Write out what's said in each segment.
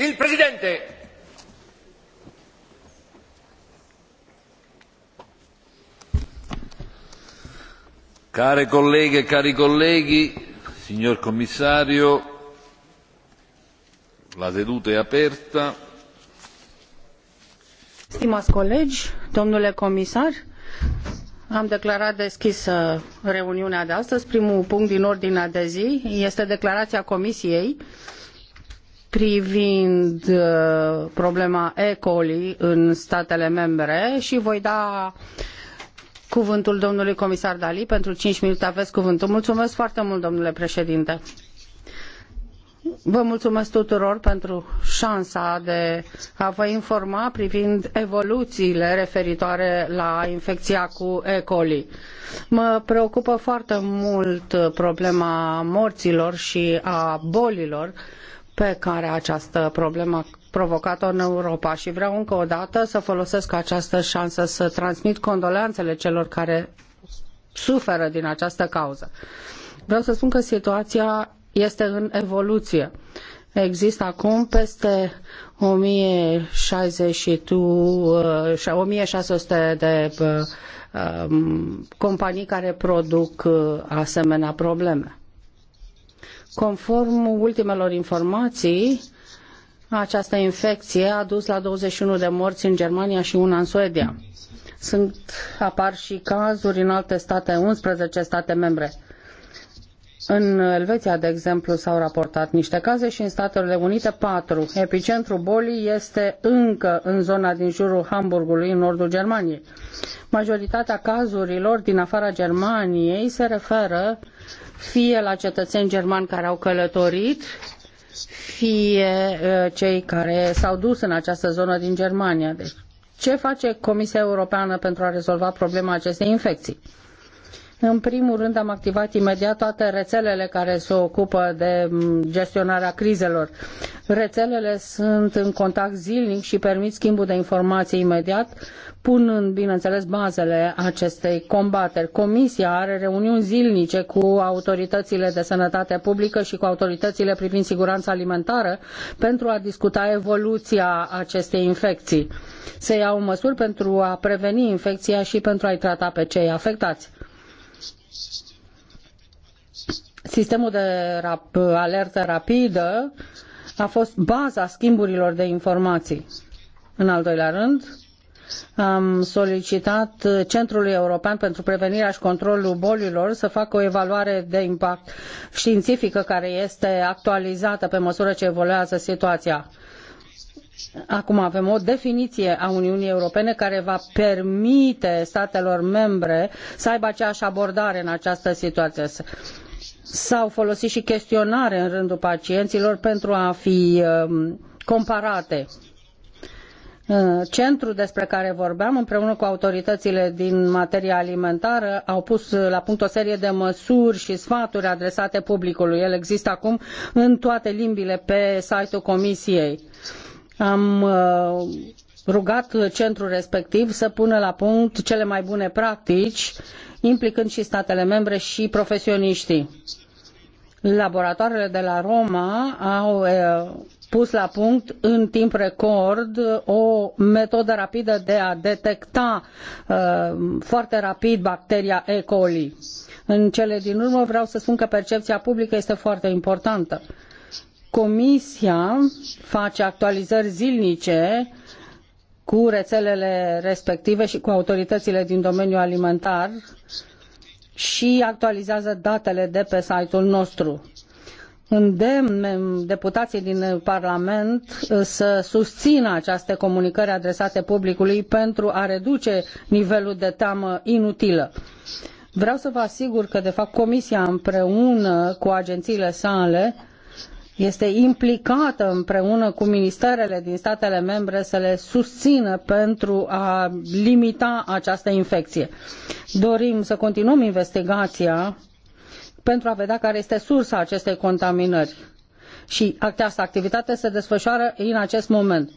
Il Presidente. Care colleghe e cari colleghi, signor Commissario, la seduta è aperta. Stimați colegi, domnule comisar, am declarat deschisă reuniunea de astăzi. Primul punct din ordinea de zi este declarația Comisiei privind uh, problema E. coli în statele membre și voi da cuvântul domnului comisar Dali pentru 5 minute aveți cuvântul. Mulțumesc foarte mult, domnule președinte. Vă mulțumesc tuturor pentru șansa de a vă informa privind evoluțiile referitoare la infecția cu E. coli. Mă preocupă foarte mult problema morților și a bolilor pe care această problemă provocat-o în Europa și vreau încă o dată să folosesc această șansă să transmit condoleanțele celor care suferă din această cauză. Vreau să spun că situația este în evoluție. Există acum peste 1600 de um, companii care produc uh, asemenea probleme. Conform ultimelor informații, această infecție a dus la 21 de morți în Germania și una în Suedia. Sunt, apar și cazuri în alte state, 11 state membre. În Elveția, de exemplu, s-au raportat niște caze și în Statele Unite patru. Epicentru bolii este încă în zona din jurul Hamburgului, în nordul Germaniei. Majoritatea cazurilor din afara Germaniei se referă fie la cetățeni germani care au călătorit, fie uh, cei care s-au dus în această zonă din Germania. Deci, ce face Comisia Europeană pentru a rezolva problema acestei infecții? În primul rând am activat imediat toate rețelele care se ocupă de gestionarea crizelor. Rețelele sunt în contact zilnic și permit schimbul de informații imediat, punând, bineînțeles, bazele acestei combateri. Comisia are reuniuni zilnice cu autoritățile de sănătate publică și cu autoritățile privind siguranța alimentară pentru a discuta evoluția acestei infecții. Se iau măsuri pentru a preveni infecția și pentru a-i trata pe cei afectați. Sistemul de rap, alertă rapidă a fost baza schimburilor de informații. În al doilea rând, am solicitat Centrului European pentru Prevenirea și Controlul Bolilor să facă o evaluare de impact științifică care este actualizată pe măsură ce evoluează situația. Acum avem o definiție a Uniunii Europene care va permite statelor membre să aibă aceeași abordare în această situație. S-au folosit și chestionare în rândul pacienților pentru a fi um, comparate. Uh, centrul despre care vorbeam împreună cu autoritățile din materie alimentară au pus la punct o serie de măsuri și sfaturi adresate publicului. El există acum în toate limbile pe site-ul Comisiei am uh, rugat centrul respectiv să pună la punct cele mai bune practici, implicând și statele membre și profesioniștii. Laboratoarele de la Roma au uh, pus la punct în timp record o metodă rapidă de a detecta uh, foarte rapid bacteria E. coli. În cele din urmă vreau să spun că percepția publică este foarte importantă. Comisia face actualizări zilnice cu rețelele respective și cu autoritățile din domeniul alimentar și actualizează datele de pe site-ul nostru. Îndemn deputații din Parlament uh, să susțină aceste comunicări adresate publicului pentru a reduce nivelul de teamă inutilă. Vreau să vă asigur că, de fapt, Comisia împreună cu agențiile sale este implicată împreună cu ministerele din statele membre să le susțină pentru a limita această infecție. Dorim să continuăm investigația pentru a vedea care este sursa acestei contaminări. Și această activitate se desfășoară în acest moment.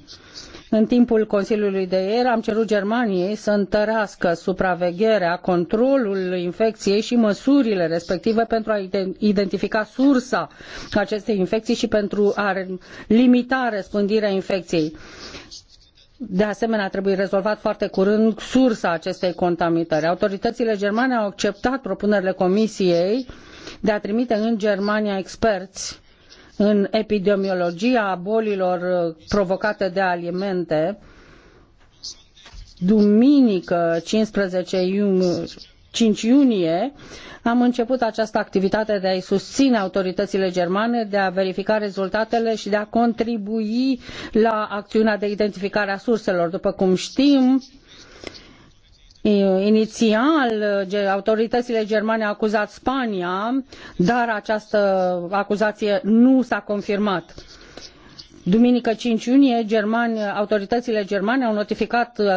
În timpul Consiliului de ieri am cerut Germaniei să întărească supravegherea, controlul infecției și măsurile respective pentru a identifica sursa acestei infecții și pentru a limita răspândirea infecției. De asemenea, trebuie rezolvat foarte curând sursa acestei contaminări. Autoritățile germane au acceptat propunerile Comisiei de a trimite în Germania experți în epidemiologia bolilor uh, provocate de alimente, duminică 15 iunie, 5 iunie am început această activitate de a-i susține autoritățile germane, de a verifica rezultatele și de a contribui la acțiunea de identificare a surselor. După cum știm, Inițial, autoritățile germane au acuzat Spania, dar această acuzație nu s-a confirmat. Duminică 5 iunie, germani, autoritățile germane au notificat uh,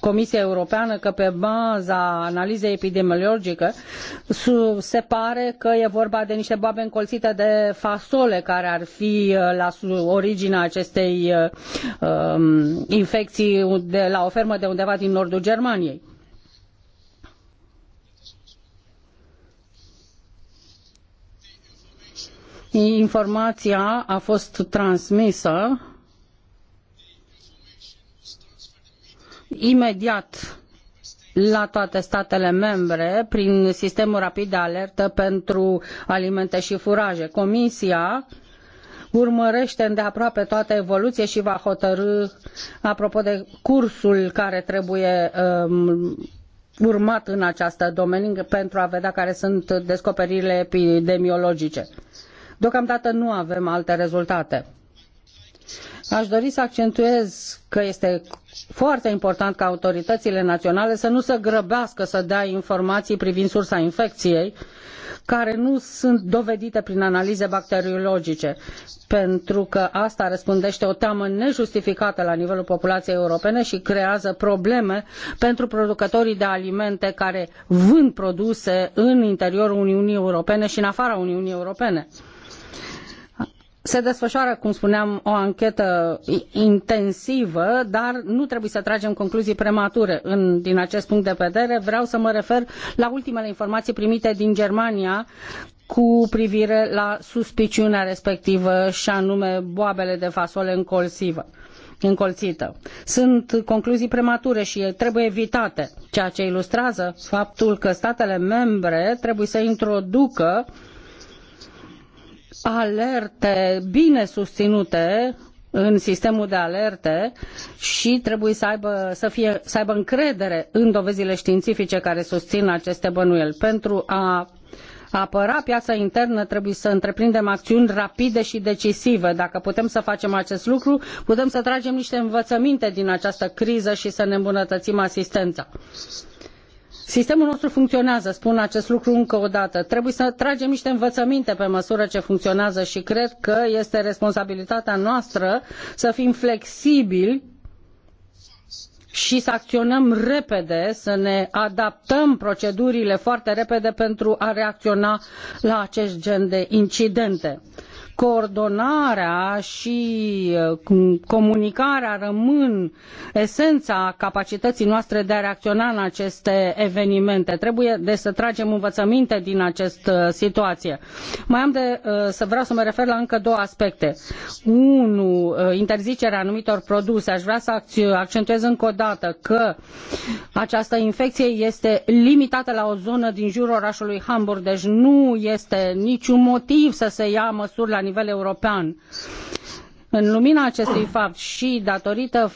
Comisia Europeană că pe baza analizei epidemiologice se pare că e vorba de niște boabe încolțite de fasole care ar fi uh, la originea acestei uh, um, infecții de la o fermă de undeva din nordul Germaniei informația a fost transmisă imediat la toate statele membre prin sistemul rapid de alertă pentru alimente și furaje. Comisia urmărește îndeaproape toată evoluție și va hotărî apropo de cursul care trebuie um, urmat în această domeniu pentru a vedea care sunt descoperirile epidemiologice. Deocamdată nu avem alte rezultate. Aș dori să accentuez că este foarte important ca autoritățile naționale să nu se grăbească să dea informații privind sursa infecției, care nu sunt dovedite prin analize bacteriologice, pentru că asta răspundește o teamă nejustificată la nivelul populației europene și creează probleme pentru producătorii de alimente care vând produse în interiorul Uniunii Europene și în afara Uniunii Europene se desfășoară, cum spuneam, o anchetă intensivă, dar nu trebuie să tragem concluzii premature. În, din acest punct de vedere, vreau să mă refer la ultimele informații primite din Germania cu privire la suspiciunea respectivă și anume boabele de fasole încolsivă încolțită. Sunt concluzii premature și trebuie evitate, ceea ce ilustrează faptul că statele membre trebuie să introducă uh, alerte bine susținute în sistemul de alerte și trebuie să aibă, să, fie, să aibă încredere în dovezile științifice care susțin aceste bănuieli. Pentru a apăra piața internă trebuie să întreprindem acțiuni rapide și decisive. Dacă putem să facem acest lucru, putem să tragem niște învățăminte din această criză și să ne îmbunătățim asistența. Sistemul nostru funcționează, spun acest lucru încă o dată. Trebuie să tragem niște învățăminte pe măsură ce funcționează și cred că este responsabilitatea noastră să fim flexibili și să acționăm repede, să ne adaptăm procedurile foarte repede pentru a reacționa la acest gen de incidente coordonarea și comunicarea rămân esența capacității noastre de a reacționa în aceste evenimente. Trebuie de să tragem învățăminte din această situație. Mai am de să vreau să mă refer la încă două aspecte. Unu, interzicerea anumitor produse. Aș vrea să accentuez încă o dată că această infecție este limitată la o zonă din jurul orașului Hamburg, deci nu este niciun motiv să se ia măsuri la nivel european. În lumina acestui fapt și datorită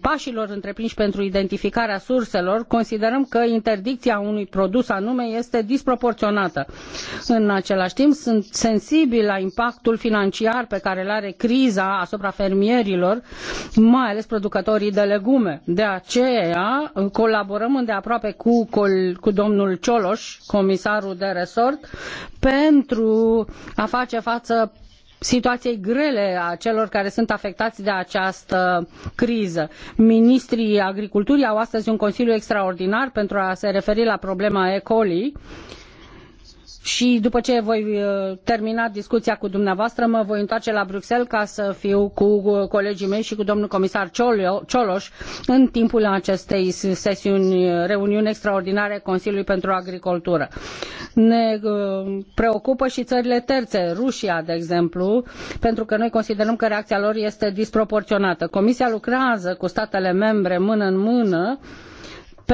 pașilor întreprinși pentru identificarea surselor, considerăm că interdicția unui produs anume este disproporționată. În același timp, sunt sensibil la impactul financiar pe care îl are criza asupra fermierilor, mai ales producătorii de legume. De aceea, colaborăm îndeaproape cu, cu domnul Cioloș, comisarul de resort, pentru a face față situației grele a celor care sunt afectați de această criză. Ministrii agriculturii au astăzi un consiliu extraordinar pentru a se referi la problema E. coli și după ce voi uh, termina discuția cu dumneavoastră, mă voi întoarce la Bruxelles ca să fiu cu uh, colegii mei și cu domnul comisar Cioloș în timpul acestei sesiuni, uh, reuniuni extraordinare Consiliului pentru Agricultură. Ne preocupă și țările terțe, Rusia, de exemplu, pentru că noi considerăm că reacția lor este disproporționată. Comisia lucrează cu statele membre mână în mână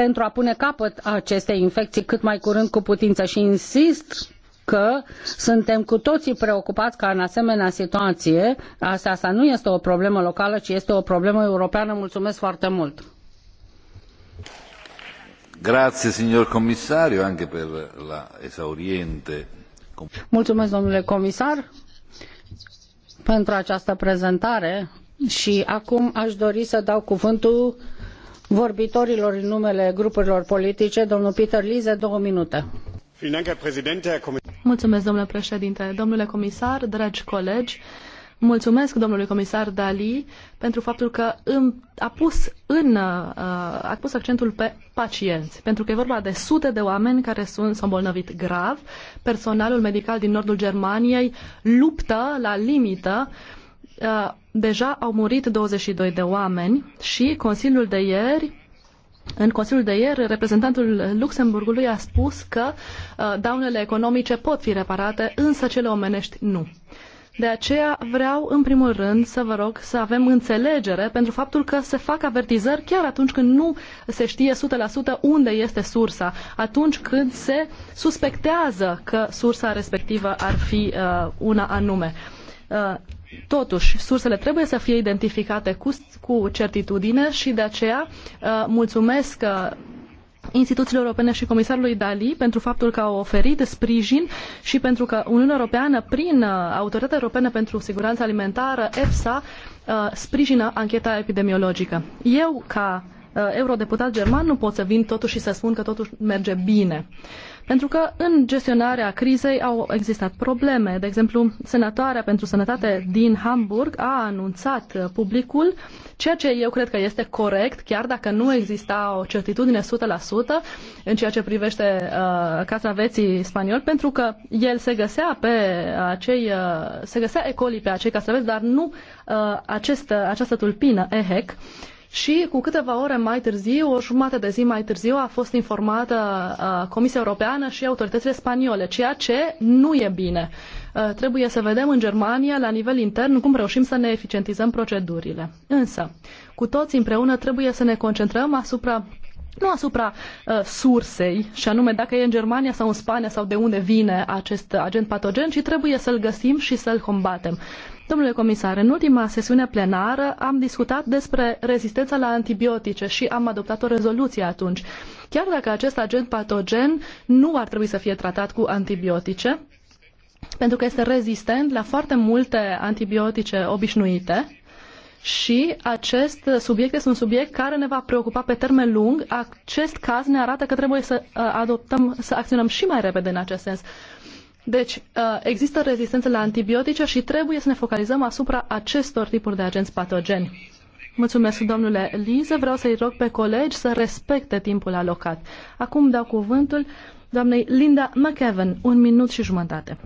pentru a pune capăt acestei infecții cât mai curând cu putință și insist că suntem cu toții preocupați ca în asemenea situație, asta, asta nu este o problemă locală, ci este o problemă europeană. Mulțumesc foarte mult! Grazie, signor Commissario, anche per la esauriente... Mulțumesc, domnule comisar, pentru această prezentare și acum aș dori să dau cuvântul vorbitorilor în numele grupurilor politice. Domnul Peter Lize, două minute. Mulțumesc, domnule președinte, domnule comisar, dragi colegi. Mulțumesc domnului comisar Dali pentru faptul că a pus, în, uh, a pus accentul pe pacienți, pentru că e vorba de sute de oameni care sunt s-au îmbolnăvit grav. Personalul medical din nordul Germaniei luptă la limită uh, Uh, deja au murit 22 de oameni și Consiliul de ieri în Consiliul de ieri, reprezentantul Luxemburgului a spus că uh, daunele economice pot fi reparate, însă cele omenești nu. De aceea vreau, în primul rând, să vă rog să avem înțelegere pentru faptul că se fac avertizări chiar atunci când nu se știe 100% unde este sursa, atunci când se suspectează că sursa respectivă ar fi uh, una anume. Uh, Totuși, sursele trebuie să fie identificate cu, cu certitudine și de aceea uh, mulțumesc uh, instituțiilor europene și comisarului Dali pentru faptul că au oferit sprijin și pentru că Uniunea Europeană, prin uh, Autoritatea Europeană pentru Siguranța Alimentară, EFSA, uh, sprijină ancheta epidemiologică. Eu, ca uh, eurodeputat german, nu pot să vin totuși și să spun că totuși merge bine. Uh, pentru că în gestionarea crizei au existat probleme. De exemplu, senatoarea pentru sănătate din Hamburg a anunțat publicul, ceea ce eu cred că este corect, chiar dacă nu exista o certitudine 100% în ceea ce privește uh, veții spanioli, pentru că el se găsea pe uh, acei, uh, se găsea ecoli pe acei castraveți, dar nu uh, acest, această tulpină, EHEC, uh, și cu câteva ore mai târziu, o jumătate de zi mai târziu, a fost informată uh, Comisia Europeană și autoritățile spaniole, ceea ce nu e bine. Uh, trebuie să vedem în Germania, la nivel intern, cum reușim să ne eficientizăm procedurile. Însă, cu toți împreună trebuie să ne concentrăm asupra nu asupra uh, sursei, și anume dacă e în Germania sau în Spania sau de unde vine acest agent patogen, ci trebuie să-l găsim și să-l combatem. Domnule comisar, în ultima sesiune plenară am discutat despre rezistența la antibiotice și am adoptat o rezoluție atunci. Chiar dacă acest agent patogen nu ar trebui să fie tratat cu antibiotice, pentru că este rezistent la foarte multe antibiotice obișnuite, și acest subiect este un subiect care ne va preocupa pe termen lung. Acest caz ne arată că trebuie să uh, adoptăm, să acționăm și mai repede în acest sens. Deci, uh, există rezistență la antibiotice și trebuie să ne focalizăm asupra acestor tipuri de agenți patogeni. Mulțumesc, domnule Lize. Vreau să-i rog pe colegi să respecte timpul alocat. Acum dau cuvântul doamnei Linda McEwen, un minut și jumătate.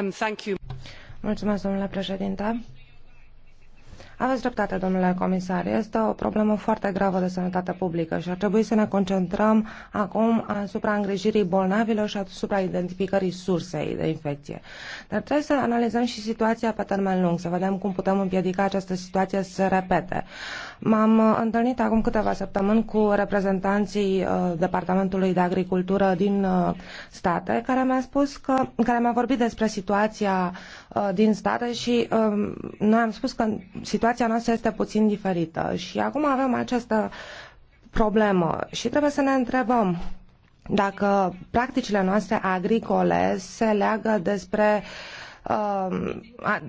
Um, thank you. Mulțumesc, domnule președinte. Aveți dreptate, domnule comisar. Este o problemă foarte gravă de sănătate publică și ar trebui să ne concentrăm acum asupra îngrijirii bolnavilor și asupra identificării sursei de infecție. Dar trebuie să analizăm și situația pe termen lung, să vedem cum putem împiedica această situație să se repete. Uh, M-am întâlnit acum câteva săptămâni cu reprezentanții uh, Departamentului de Agricultură din uh, state, care mi-a spus că, care mi-a vorbit despre situația uh, din state și um, noi am spus că situația noastră este puțin diferită și acum avem această problemă și trebuie să ne întrebăm dacă practicile noastre agricole se leagă despre uh, Um,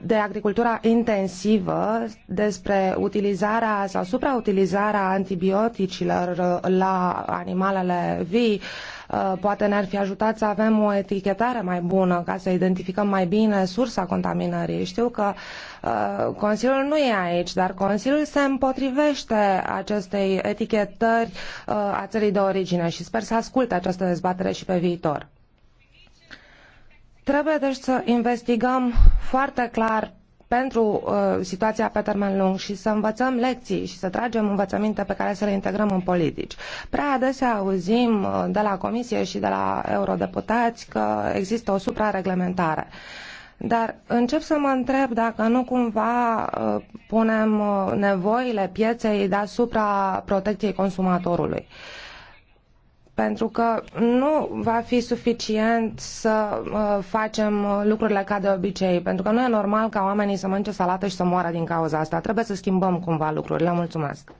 de agricultura intensivă, despre utilizarea sau suprautilizarea antibioticilor uh, la animalele vii, uh, poate ne-ar fi ajutat să avem o etichetare mai bună ca să identificăm mai bine sursa contaminării. Știu că uh, Consiliul nu e aici, dar Consiliul se împotrivește acestei etichetări a țării de origine și sper să asculte această dezbatere și pe viitor. Trebuie deci să investigăm foarte clar pentru uh, situația pe termen lung și să învățăm lecții și să tragem învățăminte pe care să le integrăm în politici. Prea adesea auzim uh, de la Comisie și de la eurodeputați că există o suprareglementare. Dar încep să mă întreb dacă nu cumva uh, punem uh, nevoile pieței deasupra protecției consumatorului. Uh, pentru că nu va fi suficient să uh, facem uh, lucrurile ca de obicei, pentru că nu e normal ca oamenii să mănânce salată și să moară din cauza asta. Trebuie să schimbăm cumva lucrurile. Mulțumesc.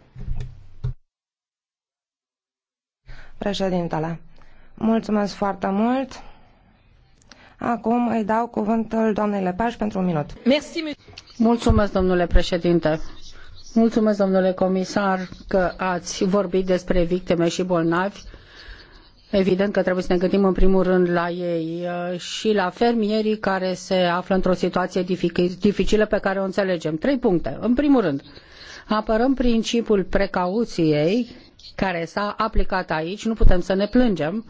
Președintele, mulțumesc foarte mult. Acum îi dau cuvântul doamnei Lepaș pentru un minut. Mulțumesc, domnule președinte. Mulțumesc, domnule comisar, că ați vorbit despre victime și bolnavi Evident că trebuie să ne gândim în primul rând la ei uh, și la fermierii care se află într-o situație dificilă pe care o înțelegem. Trei puncte. În primul rând, apărăm principiul precauției care s-a aplicat aici, nu putem să ne plângem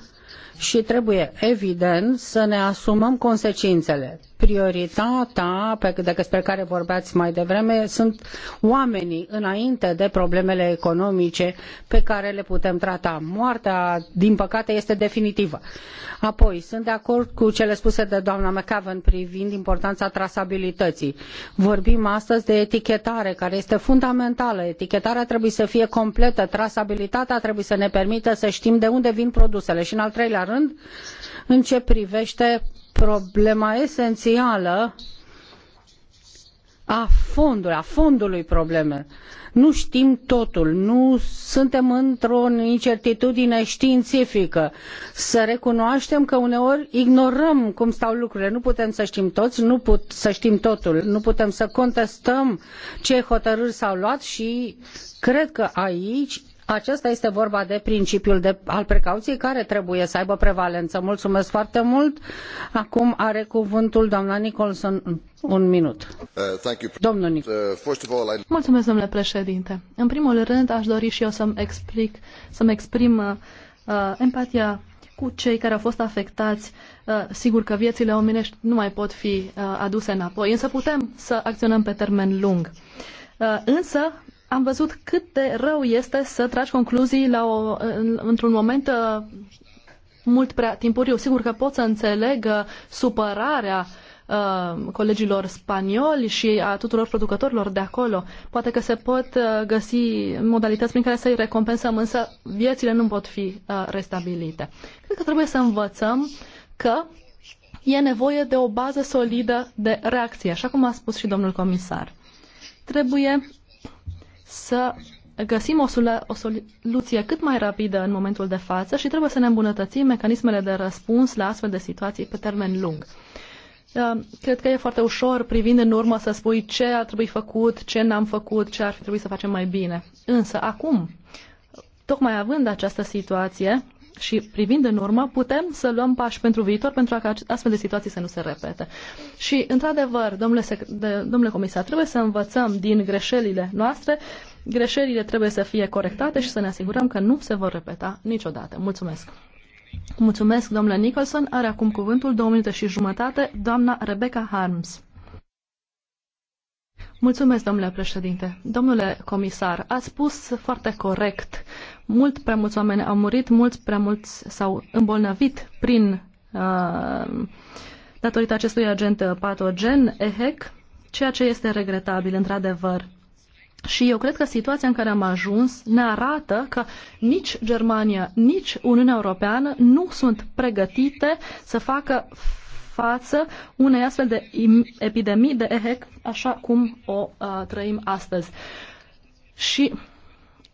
și trebuie, evident, să ne asumăm consecințele prioritatea despre care vorbeați mai devreme sunt oamenii înainte de problemele economice pe care le putem trata. Moartea, din păcate, este definitivă. Apoi, sunt de acord cu cele spuse de doamna McAvan privind importanța trasabilității. Vorbim astăzi de etichetare, care este fundamentală. Etichetarea trebuie să fie completă, trasabilitatea trebuie să ne permită să știm de unde vin produsele. Și în al treilea rând, în ce privește problema esențială a fondului, a fondului probleme. Nu știm totul, nu suntem într-o incertitudine științifică. Să recunoaștem că uneori ignorăm cum stau lucrurile. Nu putem să știm toți, nu put, să știm totul, nu putem să contestăm ce hotărâri s-au luat și cred că aici aceasta este vorba de principiul de, al precauției care trebuie să aibă prevalență. Mulțumesc foarte mult. Acum are cuvântul doamna Nicholson. Un minut. Uh, Domnul Nic uh, I... Mulțumesc, domnule președinte. În primul rând, aș dori și eu să-mi explic, să-mi exprim uh, uh empatia cu cei care au fost afectați. Uh, sigur că viețile omenești nu mai pot fi uh, aduse înapoi, însă putem să acționăm pe termen lung. Însă, am văzut cât de rău este să tragi concluzii la o, într-un moment uh, mult prea timpuriu. Sigur că pot să înțeleg uh, supărarea uh, colegilor spanioli și a tuturor producătorilor de acolo. Poate că se pot găsi modalități prin care să-i recompensăm, însă viețile nu pot fi restabilite. Cred că trebuie să învățăm că e nevoie de o bază solidă de reacție, așa cum a spus și domnul comisar. Trebuie să găsim o, solu- o soluție cât mai rapidă în momentul de față și trebuie să ne îmbunătățim mecanismele de răspuns la astfel de situații pe termen lung. Uh, cred că e foarte ușor privind în urmă să spui ce ar trebui făcut, ce n-am făcut, ce ar fi trebuit să facem mai bine. Însă acum, tocmai având această situație, și privind în urmă, putem să luăm pași pentru viitor pentru ca astfel de situații să nu se repete. Și, într-adevăr, domnule, de, domnule comisar, trebuie să învățăm din greșelile noastre, greșelile trebuie să fie corectate și să ne asigurăm că nu se vor repeta niciodată. Mulțumesc! Mulțumesc, domnule Nicholson. Are acum cuvântul două minute și jumătate, doamna Rebecca Harms. Mulțumesc, domnule președinte. Domnule comisar, ați spus foarte corect mult prea mulți oameni au murit, mulți prea mulți s-au îmbolnăvit prin uh, datorită acestui agent patogen, EHEC, ceea ce este regretabil, într-adevăr. Și eu cred că situația în care am ajuns ne arată că nici Germania, nici Uniunea Europeană nu sunt pregătite să facă față unei astfel de epidemii de EHEC, așa cum o uh, trăim astăzi. Și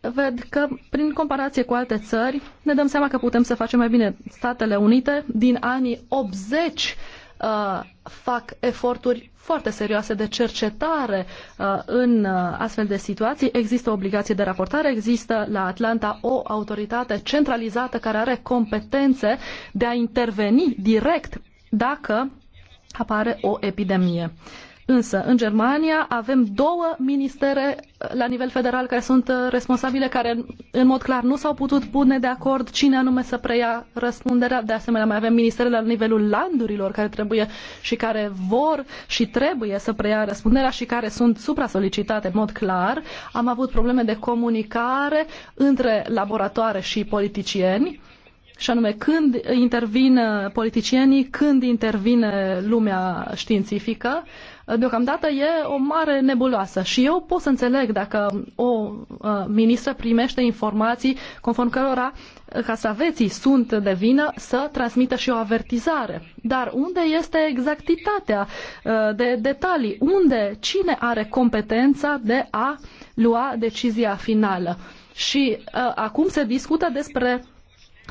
văd că, prin comparație cu alte țări, ne dăm seama că putem să facem mai bine. Statele Unite, din anii 80, uh, fac eforturi foarte serioase de cercetare uh, în uh, astfel de situații. Există o obligație de raportare, există la Atlanta o autoritate centralizată care are competențe de a interveni direct dacă apare o epidemie. Uh, Însă, în Germania avem două ministere eh, la nivel federal care sunt eh, responsabile, care în mod clar nu s-au putut pune de acord cine anume să preia răspunderea. De asemenea, mai avem ministere la nivelul landurilor care trebuie și care vor și trebuie să preia răspunderea și care sunt supra-solicitate în mod clar. Am avut probleme de comunicare între laboratoare și politicieni și anume când intervin eh, politicienii, când intervine lumea științifică deocamdată e o mare nebuloasă și eu pot să înțeleg dacă o uh, ministră primește informații conform cărora uh, casaveții sunt de vină să transmită și o avertizare. Dar unde este exactitatea uh, de detalii? Unde, cine are competența de a lua decizia finală? Și uh, acum se discută despre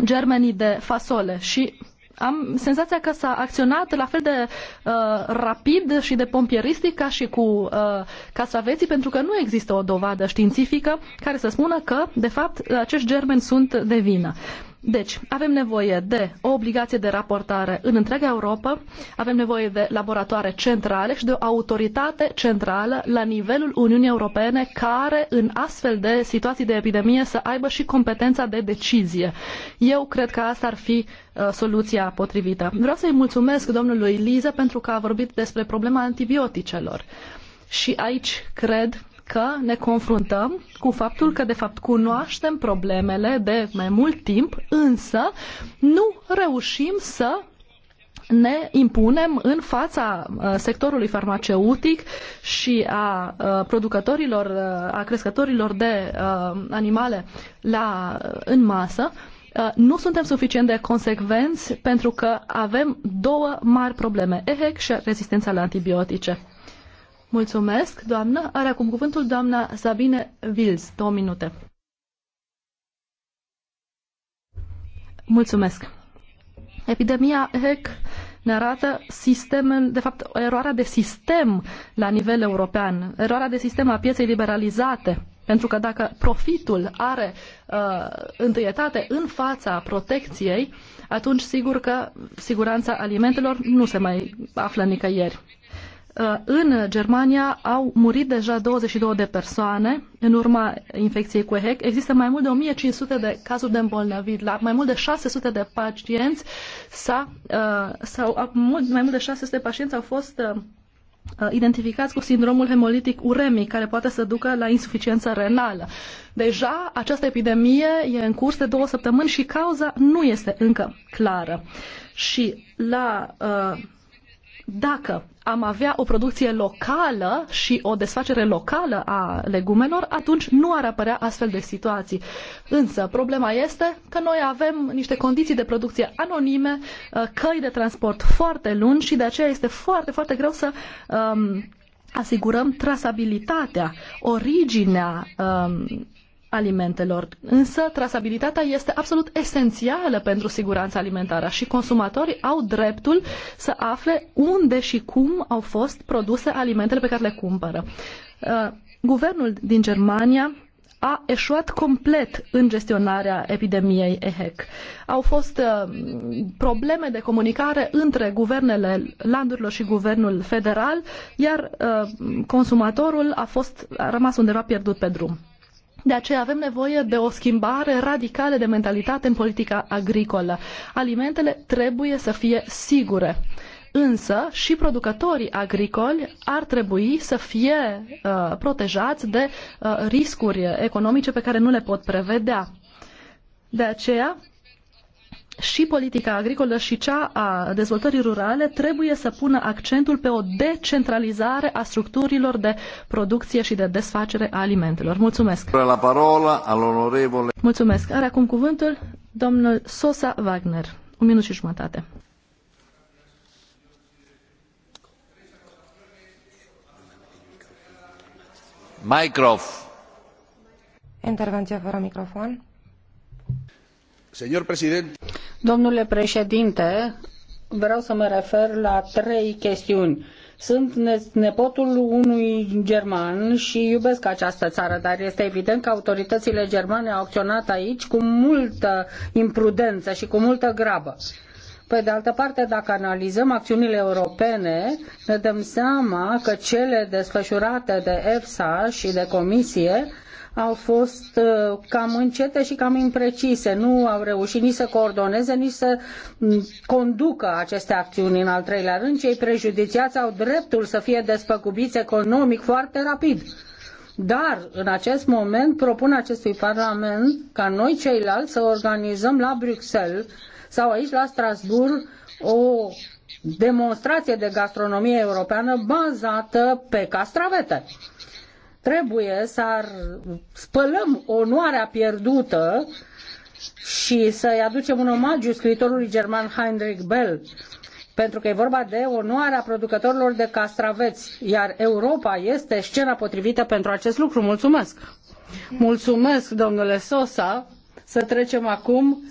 germenii de fasole și am senzația că s-a acționat la fel de uh, rapid și de pompieristic ca și cu uh, casaveții, pentru că nu există o dovadă științifică care să spună că, de fapt, acești germeni sunt de vină. Deci, avem nevoie de o obligație de raportare în întreaga Europa, avem nevoie de laboratoare centrale și de o autoritate centrală la nivelul Uniunii Europene care, în astfel de situații de epidemie, să aibă și competența de decizie. Eu cred că asta ar fi uh, soluția potrivită. Vreau să-i mulțumesc domnului Liza pentru că a vorbit despre problema antibioticelor. Și aici cred că ne confruntăm cu faptul că, de fapt, cunoaștem problemele de mai mult timp, însă nu reușim să ne impunem în fața uh, sectorului farmaceutic și a uh, producătorilor, uh, a crescătorilor de animale la, în masă, nu suntem suficient de consecvenți pentru că avem două mari probleme, EHEC și rezistența la antibiotice. Mulțumesc, doamnă. Are acum cuvântul doamna Sabine Vils. Două minute. Mulțumesc. Epidemia HEC ne arată sistemul, de fapt, eroarea de sistem la nivel european, eroarea de sistem a pieței liberalizate. Pentru că dacă profitul are uh, întâietate în fața protecției, atunci sigur că siguranța alimentelor nu se mai află nicăieri. Uh, în Germania au murit deja 22 de persoane în urma infecției cu EHEC. Există mai mult de 1500 de cazuri de îmbolnăvit La mai mult de 600 de pacienți uh, sau, sau mai mult de 600 de pacienți au fost uh, identificați cu sindromul hemolitic uremic, care poate să ducă la insuficiență renală. Deja această epidemie e în curs de două săptămâni și cauza nu este încă clară. Și la uh, dacă am avea o producție locală și o desfacere locală a legumelor, atunci nu ar apărea astfel de situații. Însă, problema este că noi avem niște condiții de producție anonime, uh, căi de transport foarte lungi și de aceea este foarte, foarte greu să um, asigurăm trasabilitatea, originea um, alimentelor. Însă, trasabilitatea este absolut esențială pentru siguranța alimentară și consumatorii au dreptul să afle unde și cum au fost produse alimentele pe care le cumpără. Uh, guvernul din Germania a eșuat complet în gestionarea epidemiei EHEC. Au fost uh, probleme de comunicare între guvernele landurilor și guvernul federal, iar uh, consumatorul a, fost, a rămas undeva pierdut pe drum. De aceea avem nevoie de o schimbare radicală de mentalitate în politica agricolă. Alimentele trebuie să fie sigure. Însă și producătorii agricoli ar trebui să fie uh, protejați de uh, riscuri economice pe care nu le pot prevedea. De aceea și politica agricolă și cea a dezvoltării rurale trebuie să pună accentul pe o decentralizare a structurilor de producție și de desfacere a alimentelor. Mulțumesc! La parola al onorevole... Mulțumesc! Are acum cuvântul domnul Sosa Wagner. Un minut și jumătate. Microf. Intervenție fără microfon. Señor președinte. Domnule președinte, vreau să mă refer la trei chestiuni. Sunt nepotul unui german și iubesc această țară, dar este evident că autoritățile germane au acționat aici cu multă imprudență și cu multă grabă. Pe de altă parte, dacă analizăm acțiunile europene, ne dăm seama că cele desfășurate de EFSA și de Comisie au fost uh, cam încete și cam imprecise. Nu au reușit nici să coordoneze, nici să mm, conducă aceste acțiuni. În al treilea rând, cei prejudiciați au dreptul să fie despăgubiți economic foarte rapid. Dar, în acest moment, propun acestui Parlament ca noi ceilalți să organizăm la Bruxelles sau aici la Strasbourg o demonstrație de gastronomie europeană bazată pe castravete trebuie să ar, spălăm onoarea pierdută și să-i aducem un omagiu scriitorului german Heinrich Bell, pentru că e vorba de onoarea producătorilor de castraveți, iar Europa este scena potrivită pentru acest lucru. Mulțumesc! Mulțumesc, domnule Sosa! Să trecem acum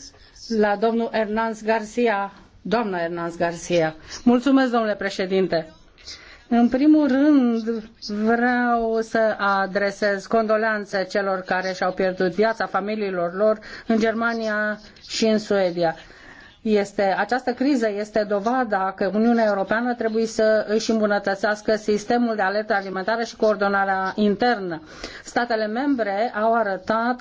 la domnul Hernanz Garcia. Doamna Hernanz Garcia. Mulțumesc, domnule președinte! În primul rând, vreau să adresez condolanțe celor care și-au pierdut viața, familiilor lor, în Germania și în Suedia. Este, această criză este dovada că Uniunea Europeană trebuie să își îmbunătățească sistemul de alertă alimentară și coordonarea internă. Statele membre au arătat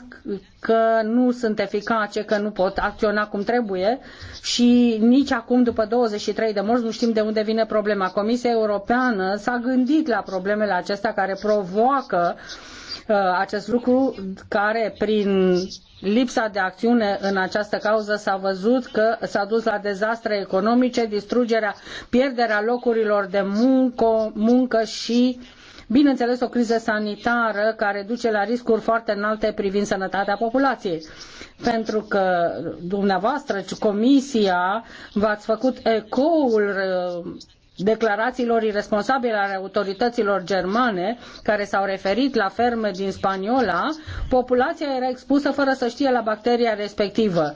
că nu sunt eficace, că nu pot acționa cum trebuie și nici acum, după 23 de morți, nu știm de unde vine problema. Comisia Europeană s-a gândit la problemele acestea care provoacă uh, acest lucru care prin lipsa de acțiune în această cauză s-a văzut că s-a dus la dezastre economice, distrugerea, pierderea locurilor de muncă, muncă și bineînțeles o criză sanitară care duce la riscuri foarte înalte privind sănătatea populației. Pentru că dumneavoastră, comisia, v-ați făcut ecoul declarațiilor irresponsabile ale autorităților germane care s-au referit la ferme din Spaniola, populația era expusă fără să știe la bacteria respectivă.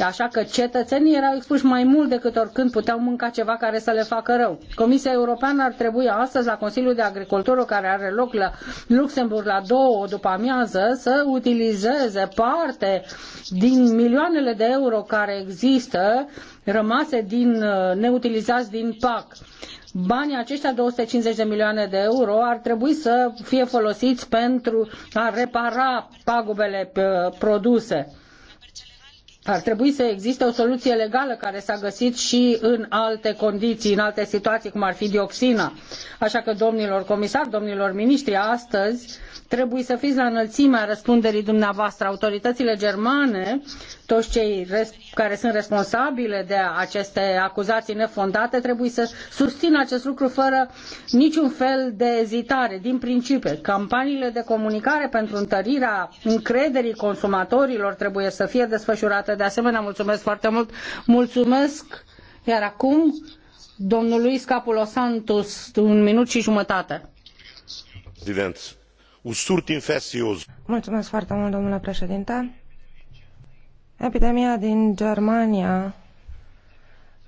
Da, așa că cetățenii erau expuși mai mult decât oricând puteau mânca ceva care să le facă rău. Comisia Europeană ar trebui astăzi la Consiliul de Agricultură care are loc la Luxemburg la două după amiază să utilizeze parte din milioanele de euro care există rămase din uh, neutilizați din PAC. Banii aceștia, 250 de milioane de euro, ar trebui să fie folosiți pentru a repara pagubele uh, produse ar trebui să existe o soluție legală care s-a găsit și în alte condiții, în alte situații, cum ar fi dioxina. Așa că, domnilor comisari, domnilor miniștri, astăzi trebuie să fiți la înălțimea răspunderii dumneavoastră. Autoritățile germane toți cei care sunt responsabile de aceste acuzații nefondate trebuie să susțină acest lucru fără niciun fel de ezitare, din principiu. Campaniile de comunicare pentru întărirea încrederii consumatorilor trebuie să fie desfășurate. De asemenea, mulțumesc foarte mult. Mulțumesc. Iar acum, domnului Scapulosantus, un minut și jumătate. Mulțumesc foarte mult, domnule președinte Epidemia din Germania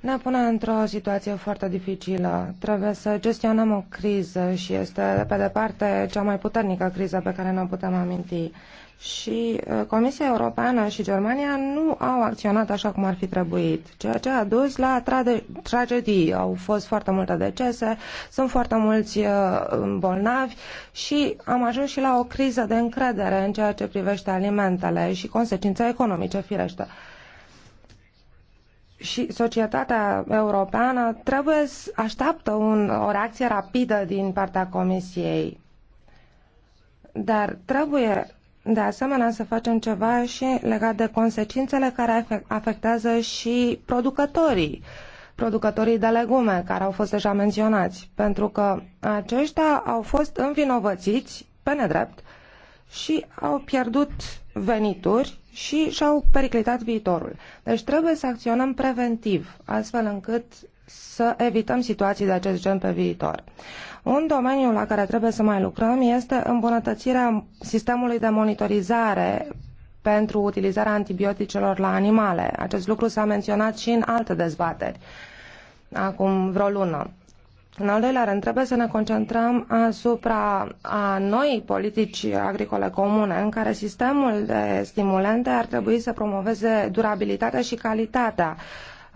ne pune într-o situație foarte dificilă. Trebuie să gestionăm o criză și este, pe departe, cea mai puternică criză pe care ne-o putem aminti și uh, Comisia Europeană și Germania nu au acționat așa cum ar fi trebuit, ceea ce a dus la tra- tragedii. Au fost foarte multe decese, sunt foarte mulți uh, bolnavi și am ajuns și la o criză de încredere în ceea ce privește alimentele și consecințe economice, firește și societatea europeană trebuie să așteaptă un, o reacție rapidă din partea Comisiei. Dar trebuie de asemenea să facem ceva și legat de consecințele care afectează și producătorii, producătorii de legume care au fost deja menționați, pentru că aceștia au fost învinovățiți pe nedrept și au pierdut venituri și și-au periclitat viitorul. Deci trebuie să acționăm preventiv, astfel încât să evităm situații de acest gen pe viitor. Un domeniu la care trebuie să mai lucrăm este îmbunătățirea sistemului de monitorizare pentru utilizarea antibioticelor la animale. Acest lucru s-a menționat și în alte dezbateri, acum vreo lună. În al doilea rând, trebuie să ne concentrăm asupra a noi politici agricole comune, în care sistemul de stimulente ar trebui să promoveze durabilitatea și calitatea uh,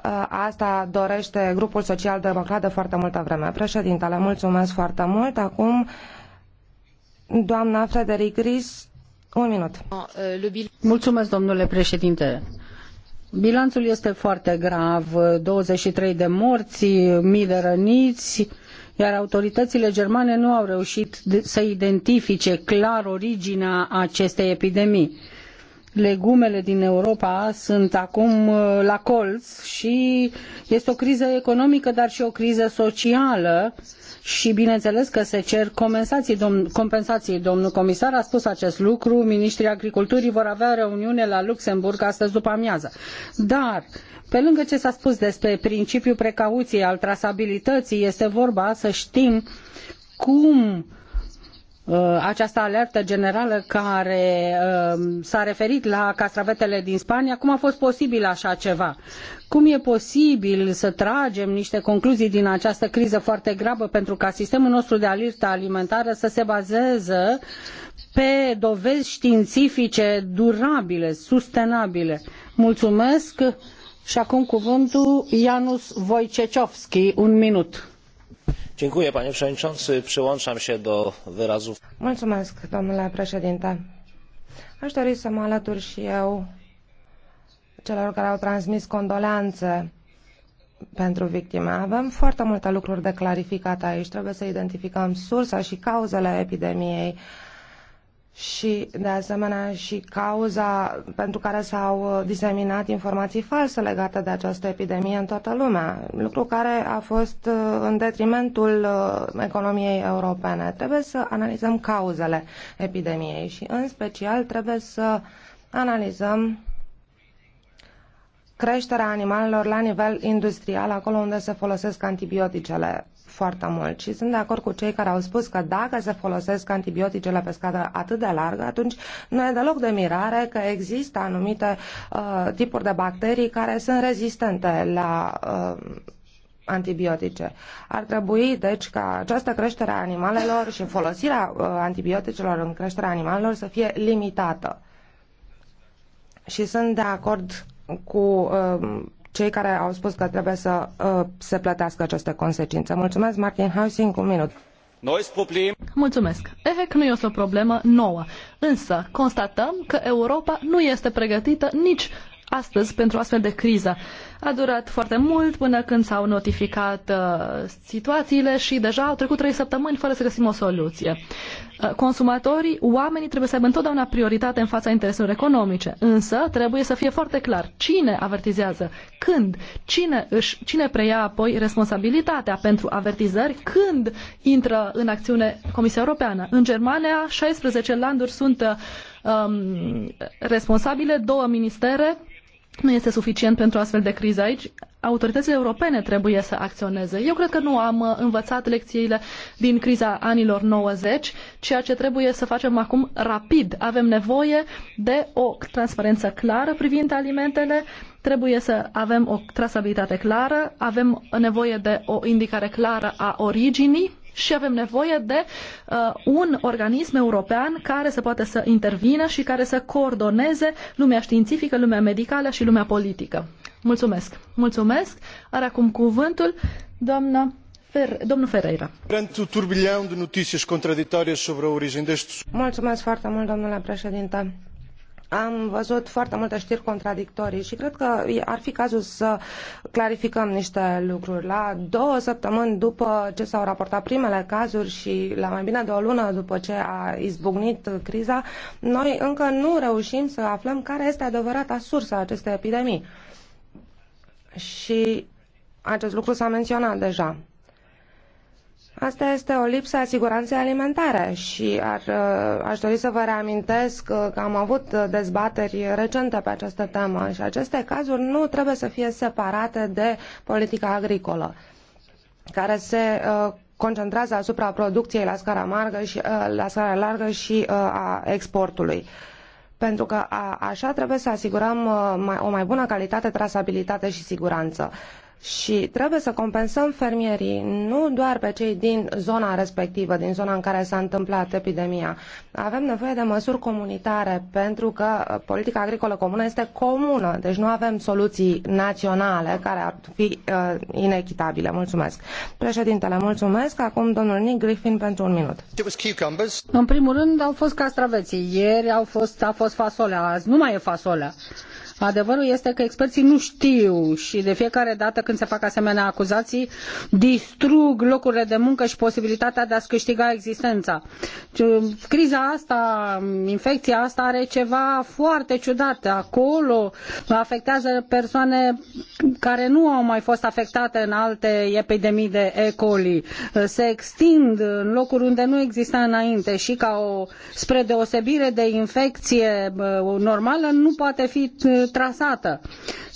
Uh, asta dorește grupul social-democrat de foarte multă vreme. Președintele, mulțumesc foarte mult. Acum, doamna Frederic Ries, un minut. Mulțumesc, domnule președinte. Bilanțul este foarte grav, 23 de morți, mii de răniți, iar autoritățile germane nu au reușit să identifice clar originea acestei epidemii legumele din Europa sunt acum uh, la colț și este o criză economică, dar și o criză socială și bineînțeles că se cer compensații, domn, compensații. Domnul comisar a spus acest lucru, ministrii agriculturii vor avea reuniune la Luxemburg astăzi după amiază. Dar, pe lângă ce s-a spus despre principiul precauției al trasabilității, este vorba să știm cum Uh, această alertă generală care uh, s-a referit la castravetele din Spania, cum a fost posibil așa ceva? Cum e posibil să tragem niște concluzii din această criză foarte gravă pentru ca sistemul nostru de alertă alimentară să se bazeze pe dovezi științifice durabile, sustenabile? Mulțumesc și acum cuvântul Janus Wojciechowski, un minut panie przewodniczący! przyłączam się do wyrazów. mulțumesc domnule președinte aș dori să mă alătur și eu celor care au transmis condoleanțe pentru victime. Avem foarte multe lucruri de clarificat aici. Trebuie să identificăm sursa și cauzele epidemiei uh, și, de asemenea, și cauza pentru care s-au diseminat informații false legate de această epidemie în toată lumea, lucru care a fost uh, în detrimentul uh, economiei europene. Trebuie să analizăm cauzele epidemiei și, în special, trebuie să analizăm creșterea animalelor la nivel industrial, acolo unde se folosesc antibioticele foarte mult și sunt de acord cu cei care au spus că dacă se folosesc antibioticele pe scară atât de largă, atunci nu e deloc de mirare că există anumite uh, tipuri de bacterii care sunt rezistente la uh, antibiotice. Ar trebui, deci, ca această creștere a animalelor și folosirea uh, antibioticelor în creșterea animalelor să fie limitată. Și sunt de acord cu uh, cei care au spus că trebuie să uh, se plătească aceste consecințe. Mulțumesc, Martin Hausing, un minut. Mulțumesc. EHEC nu este o problemă nouă, însă constatăm că Europa nu este pregătită nici astăzi pentru astfel de criză. A durat foarte mult până când s-au notificat uh, situațiile și deja au trecut trei săptămâni fără să găsim o soluție. Uh, consumatorii, oamenii trebuie să aibă întotdeauna prioritate în fața intereselor economice, însă trebuie să fie foarte clar cine avertizează, când, cine, își, cine preia apoi responsabilitatea pentru avertizări, când intră în acțiune Comisia Europeană. În Germania, 16 landuri sunt uh, um, responsabile, două ministere, nu este suficient pentru astfel de criză aici. Autoritățile europene trebuie să acționeze. Eu cred că nu am uh, învățat lecțiile din criza anilor 90, ceea ce trebuie să facem acum rapid. Avem nevoie de o transparență clară privind alimentele, trebuie să avem o trasabilitate clară, avem nevoie de o indicare clară a originii și avem nevoie de uh, un organism european care să poată să intervină și care să coordoneze lumea științifică, lumea medicală și lumea politică. Mulțumesc! Mulțumesc! Are acum cuvântul doamna Fer domnul Ferreira. Pentru turbilion de notițe contradictorii sobre a origem deste... Mulțumesc foarte mult, domnule președinte am văzut foarte multe știri contradictorii și cred că ar fi cazul să clarificăm niște lucruri. La două săptămâni după ce s-au raportat primele cazuri și la mai bine de o lună după ce a izbucnit criza, noi încă nu reușim să aflăm care este adevărata sursa acestei epidemii. Și acest lucru s-a menționat deja. Asta este o lipsă a siguranței alimentare și ar, uh, aș dori să vă reamintesc uh, că am avut dezbateri recente pe această temă și aceste cazuri nu trebuie să fie separate de politica agricolă, care se uh, concentrează asupra producției la scară, margă și, la scară largă și a exportului pentru că a, așa trebuie să asigurăm o mai bună calitate, trasabilitate și siguranță. Și trebuie să compensăm fermierii, nu doar pe cei din zona respectivă, din zona în care s-a întâmplat epidemia. Avem nevoie de măsuri comunitare, pentru că uh, politica agricolă comună este comună, deci nu avem soluții naționale care ar fi uh, inechitabile. Mulțumesc. Președintele, mulțumesc. Acum domnul Nick Griffin pentru un minut. În primul rând au fost castraveții, ieri au fost, a fost fasolea, azi nu mai e fasolea. Adevărul este că experții nu știu și de fiecare dată când se fac asemenea acuzații, distrug locurile de muncă și posibilitatea de a-ți câștiga existența. Criza asta, infecția asta are ceva foarte ciudat. Acolo afectează persoane care nu au mai fost afectate în alte epidemii de E. coli. Se extind în locuri unde nu exista înainte și ca o, spre deosebire de infecție normală, nu poate fi trasată.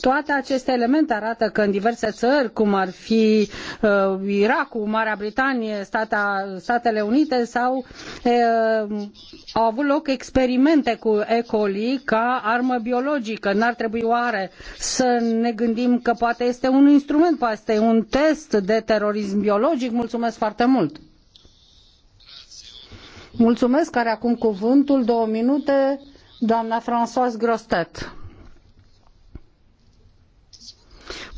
Toate aceste elemente arată că în diverse țări, cum ar fi uh, Irakul, Marea Britanie, Stata, Statele Unite, sau uh, au avut loc experimente cu E. coli ca armă biologică. N-ar trebui oare să ne gândim că poate este un instrument, poate este un test de terorism biologic? Mulțumesc foarte mult! Mulțumesc, care acum cuvântul, două minute, doamna Françoise Grostet.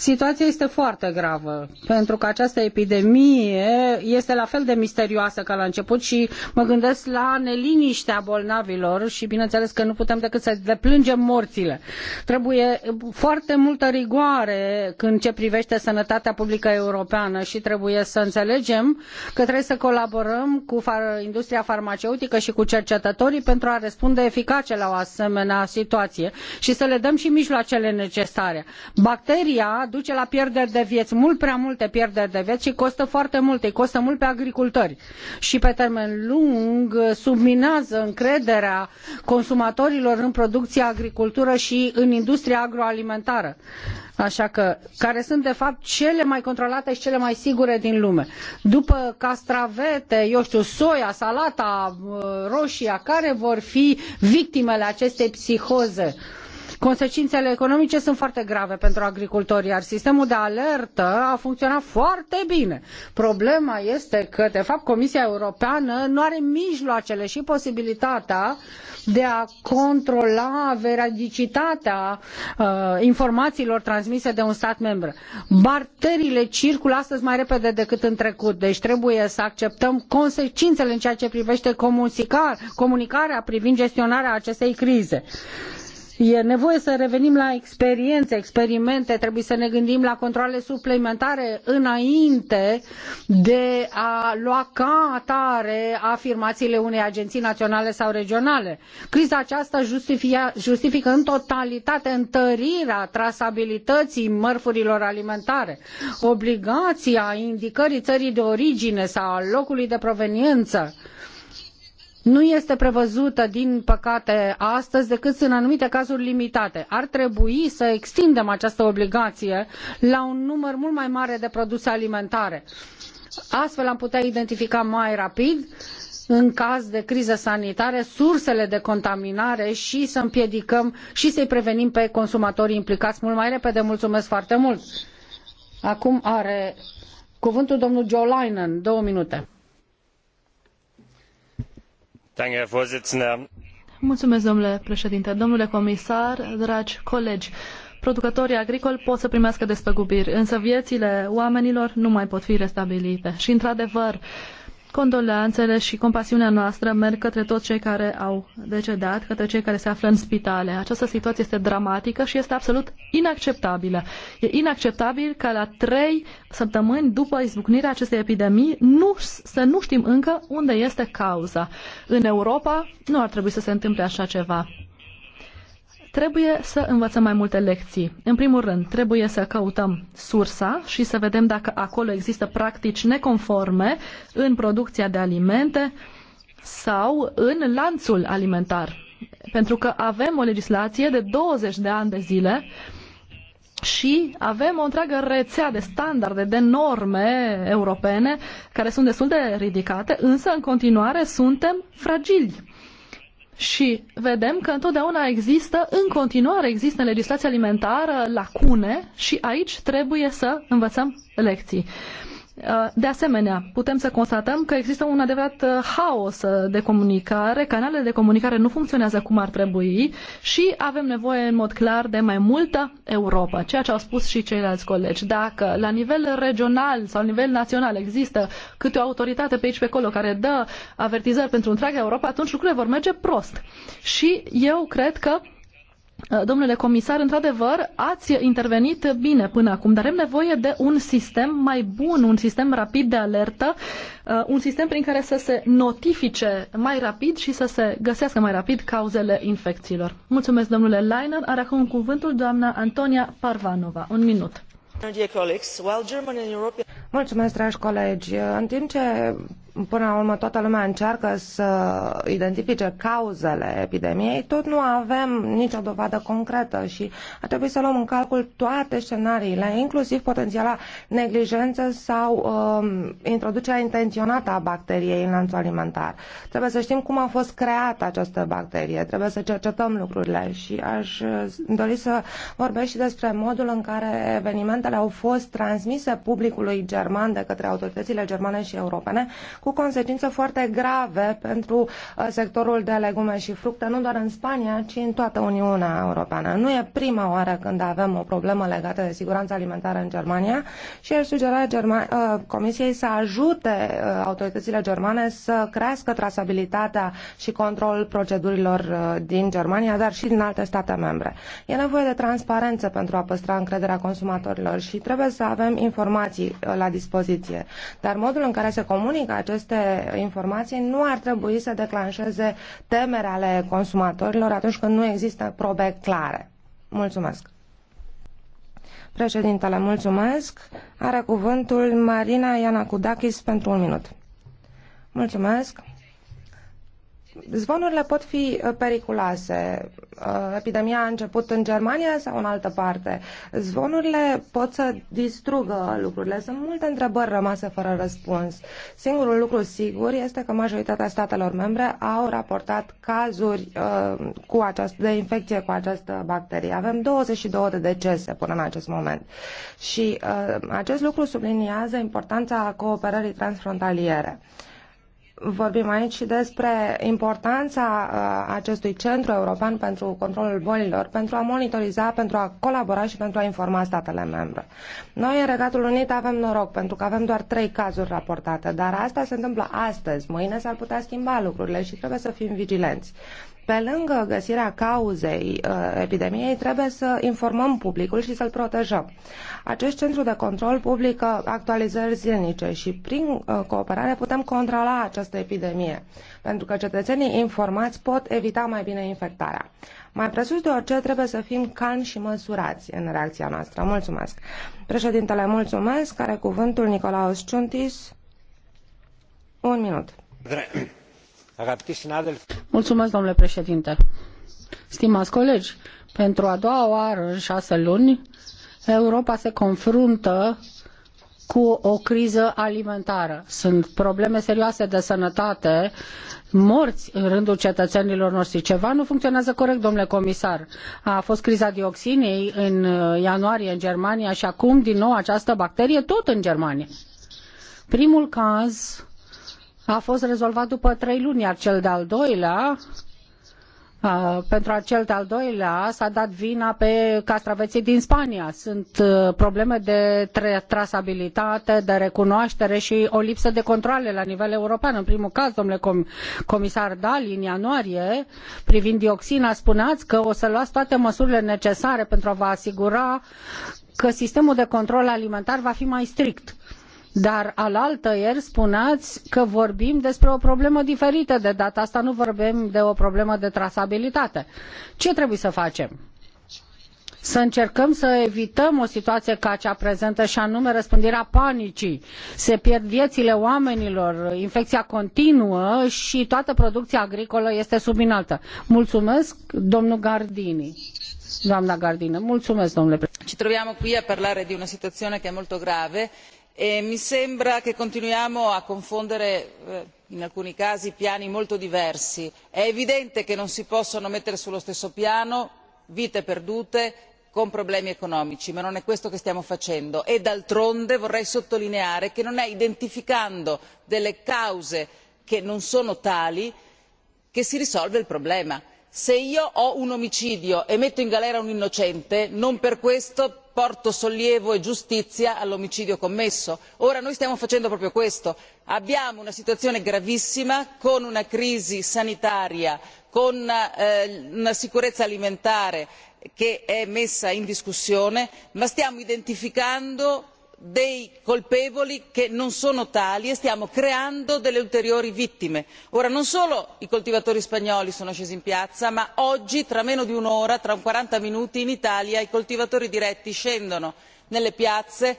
Situația este foarte gravă, pentru că această epidemie este la fel de misterioasă ca la început și mă gândesc la neliniștea bolnavilor și bineînțeles că nu putem decât să deplângem morțile. Trebuie foarte multă rigoare când ce privește sănătatea publică europeană și trebuie să înțelegem că trebuie să colaborăm cu industria farmaceutică și cu cercetătorii pentru a răspunde eficace la o asemenea situație și să le dăm și mijloacele necesare. Bacteria duce la pierderi de vieți, mult prea multe pierderi de vieți și costă foarte mult, îi costă mult pe agricultori. Și pe termen lung uh, subminează încrederea consumatorilor în producția agricultură și în industria agroalimentară. Așa că, care sunt de fapt cele mai controlate și cele mai sigure din lume. După castravete, eu știu, soia, salata, uh, roșia, care vor fi victimele acestei psihoze? Consecințele economice sunt foarte grave pentru agricultori, iar sistemul de alertă a funcționat foarte bine. Problema este că, de fapt, Comisia Europeană nu are mijloacele și posibilitatea de a controla veridicitatea uh, informațiilor transmise de un stat membru. Barterile circulă astăzi mai repede decât în trecut, deci trebuie să acceptăm consecințele în ceea ce privește comunicarea privind gestionarea acestei crize. E nevoie să revenim la experiențe, experimente, trebuie să ne gândim la controle suplimentare înainte de a lua ca atare afirmațiile unei agenții naționale sau regionale. Criza aceasta justifia, justifică în totalitate întărirea trasabilității mărfurilor alimentare, obligația indicării țării de origine sau a locului de proveniență, nu este prevăzută, din păcate, astăzi decât în anumite cazuri limitate. Ar trebui să extindem această obligație la un număr mult mai mare de produse alimentare. Astfel am putea identifica mai rapid în caz de criză sanitară sursele de contaminare și să împiedicăm și să-i prevenim pe consumatorii implicați mult mai repede. Mulțumesc foarte mult! Acum are cuvântul domnul Joe Linen, două minute domnule președinte, domnule comisar, dragi colegi. Producătorii agricoli pot să primească despăgubiri, însă viețile oamenilor nu mai pot fi restabilite. Și, într-adevăr, uh, Condoleanțele și compasiunea noastră merg către toți cei care au decedat, către cei care se află în spitale. Această situație este dramatică și este absolut inacceptabilă. E inacceptabil ca la trei săptămâni după izbucnirea acestei epidemii nu, să nu știm încă unde este cauza. În Europa nu ar trebui să se întâmple așa ceva. Trebuie să învățăm mai multe lecții. În primul rând, trebuie să căutăm sursa și să vedem dacă acolo există practici neconforme în producția de alimente sau în lanțul alimentar. Pentru că avem o legislație de 20 de ani de zile și avem o întreagă rețea de standarde, de norme europene care sunt destul de ridicate, însă în continuare suntem fragili și vedem că întotdeauna există, în continuare există în legislația alimentară lacune și aici trebuie să învățăm lecții. Uh, de asemenea, putem să constatăm că există un adevărat uh, haos uh, de comunicare, canalele de comunicare nu funcționează cum ar trebui și avem nevoie în mod clar de mai multă Europa, ceea ce au spus și ceilalți colegi. Dacă la nivel regional sau la nivel național există câte o autoritate pe aici pe acolo care dă avertizări pentru întreaga Europa, atunci lucrurile vor merge prost. Și eu cred că Uh, domnule comisar, într-adevăr, ați intervenit bine până acum, dar avem nevoie de un sistem mai bun, un sistem rapid de alertă, uh, un sistem prin care să se notifice mai rapid și să se găsească mai rapid cauzele infecțiilor. Mulțumesc, domnule Leiner. Are acum cuvântul doamna Antonia Parvanova. Un minut. Mulțumesc, dragi colegi. În timp ce până la urmă toată lumea încearcă să identifice cauzele epidemiei, tot nu avem nicio dovadă concretă și ar trebui să luăm în calcul toate scenariile, inclusiv potențiala neglijență sau um, introducerea intenționată a bacteriei în lanțul alimentar. Trebuie să știm cum a fost creată această bacterie, trebuie să cercetăm lucrurile și aș uh, dori să vorbesc și despre modul în care evenimentele au fost transmise publicului german de către autoritățile germane și europene cu cu consecințe foarte grave pentru uh, sectorul de legume și fructe, nu doar în Spania, ci în toată Uniunea Europeană. Nu e prima oară când avem o problemă legată de siguranța alimentară în Germania și aș sugera uh, Comisiei să ajute uh, autoritățile germane să crească trasabilitatea și controlul procedurilor din Germania, dar și din alte state membre. E nevoie de transparență pentru a păstra încrederea consumatorilor și trebuie să avem informații la dispoziție. Dar modul în care se comunică aceste informații nu ar trebui să declanșeze temere ale consumatorilor atunci când nu există probe clare. Mulțumesc. Președintele, mulțumesc. Are cuvântul Marina Iana Kudakis pentru un minut. Mulțumesc. Zvonurile pot fi uh, periculoase. Uh, epidemia a început în Germania sau în altă parte. Zvonurile pot să distrugă lucrurile. Sunt multe întrebări rămase fără răspuns. Singurul lucru sigur este că majoritatea statelor membre au raportat cazuri uh, cu această, de infecție cu această bacterie. Avem 22 de decese până în acest moment. Și acest lucru subliniază importanța cooperării transfrontaliere. Vorbim aici și despre importanța uh, acestui centru european pentru controlul bolilor, pentru a monitoriza, pentru a colabora și pentru a informa statele membre. Noi în Regatul Unit avem noroc pentru că avem doar trei cazuri raportate, dar asta se întâmplă astăzi. Mâine s-ar putea schimba lucrurile și trebuie să fim vigilenți. Pe lângă găsirea cauzei uh, epidemiei, trebuie să informăm publicul și să-l protejăm. Acest centru de control publică uh, actualizări zilnice și prin uh, cooperare putem controla această epidemie, pentru că cetățenii informați pot evita mai bine infectarea. Mai presus de orice, trebuie să fim calmi și măsurați în reacția noastră. Mulțumesc. Președintele, mulțumesc. Care cuvântul Nicolaus Ciuntis? Un minut. Mulțumesc, domnule președinte. pentru a doua oară în șase luni, Europa se confruntă cu o criză alimentară. Sunt probleme serioase de sănătate, morți în rândul cetățenilor noștri. Ceva nu funcționează corect, domnule comisar. A fost criza dioxinei în ianuarie în Germania și acum din nou această bacterie tot în Germania. Primul caz a fost rezolvat după trei luni, iar cel de-al doilea pentru cel de-al doilea s-a dat vina pe castraveții din Spania. Sunt probleme de trasabilitate, de recunoaștere și o lipsă de controle la nivel european. În primul caz, domnule comisar Dali, în ianuarie, privind dioxina, spuneați că o să luați toate măsurile necesare pentru a vă asigura că sistemul de control alimentar va fi mai strict dar alaltăieri spuneați că vorbim despre o problemă diferită. De data asta nu vorbim de o problemă de trasabilitate. Ce trebuie să facem? să încercăm să evităm o situație ca cea prezentă și anume răspândirea panicii. Se pierd viețile oamenilor, infecția continuă și toată producția agricolă este subinaltă. Mulțumesc, domnul Gardini. Doamna Gardini, mulțumesc, domnule președinte. Ci troviamo qui a parlare di una situazione che è molto grave e mi sembra che continuiamo a confondere eh, in alcuni casi piani molto diversi. è evidente che non si possono mettere sullo stesso piano vite perdute con problemi economici ma non è questo che stiamo facendo e d'altronde vorrei sottolineare che non è identificando delle cause che non sono tali che si risolve il problema se io ho un omicidio e metto in galera un innocente non per questo porto sollievo e giustizia all'omicidio commesso. ora noi stiamo facendo proprio questo abbiamo una situazione gravissima con una crisi sanitaria con eh, una sicurezza alimentare che è messa in discussione ma stiamo identificando dei colpevoli che non sono tali e stiamo creando delle ulteriori vittime. ora non solo i coltivatori spagnoli sono scesi in piazza ma oggi tra meno di un'ora tra quaranta minuti in italia i coltivatori diretti scendono nelle piazze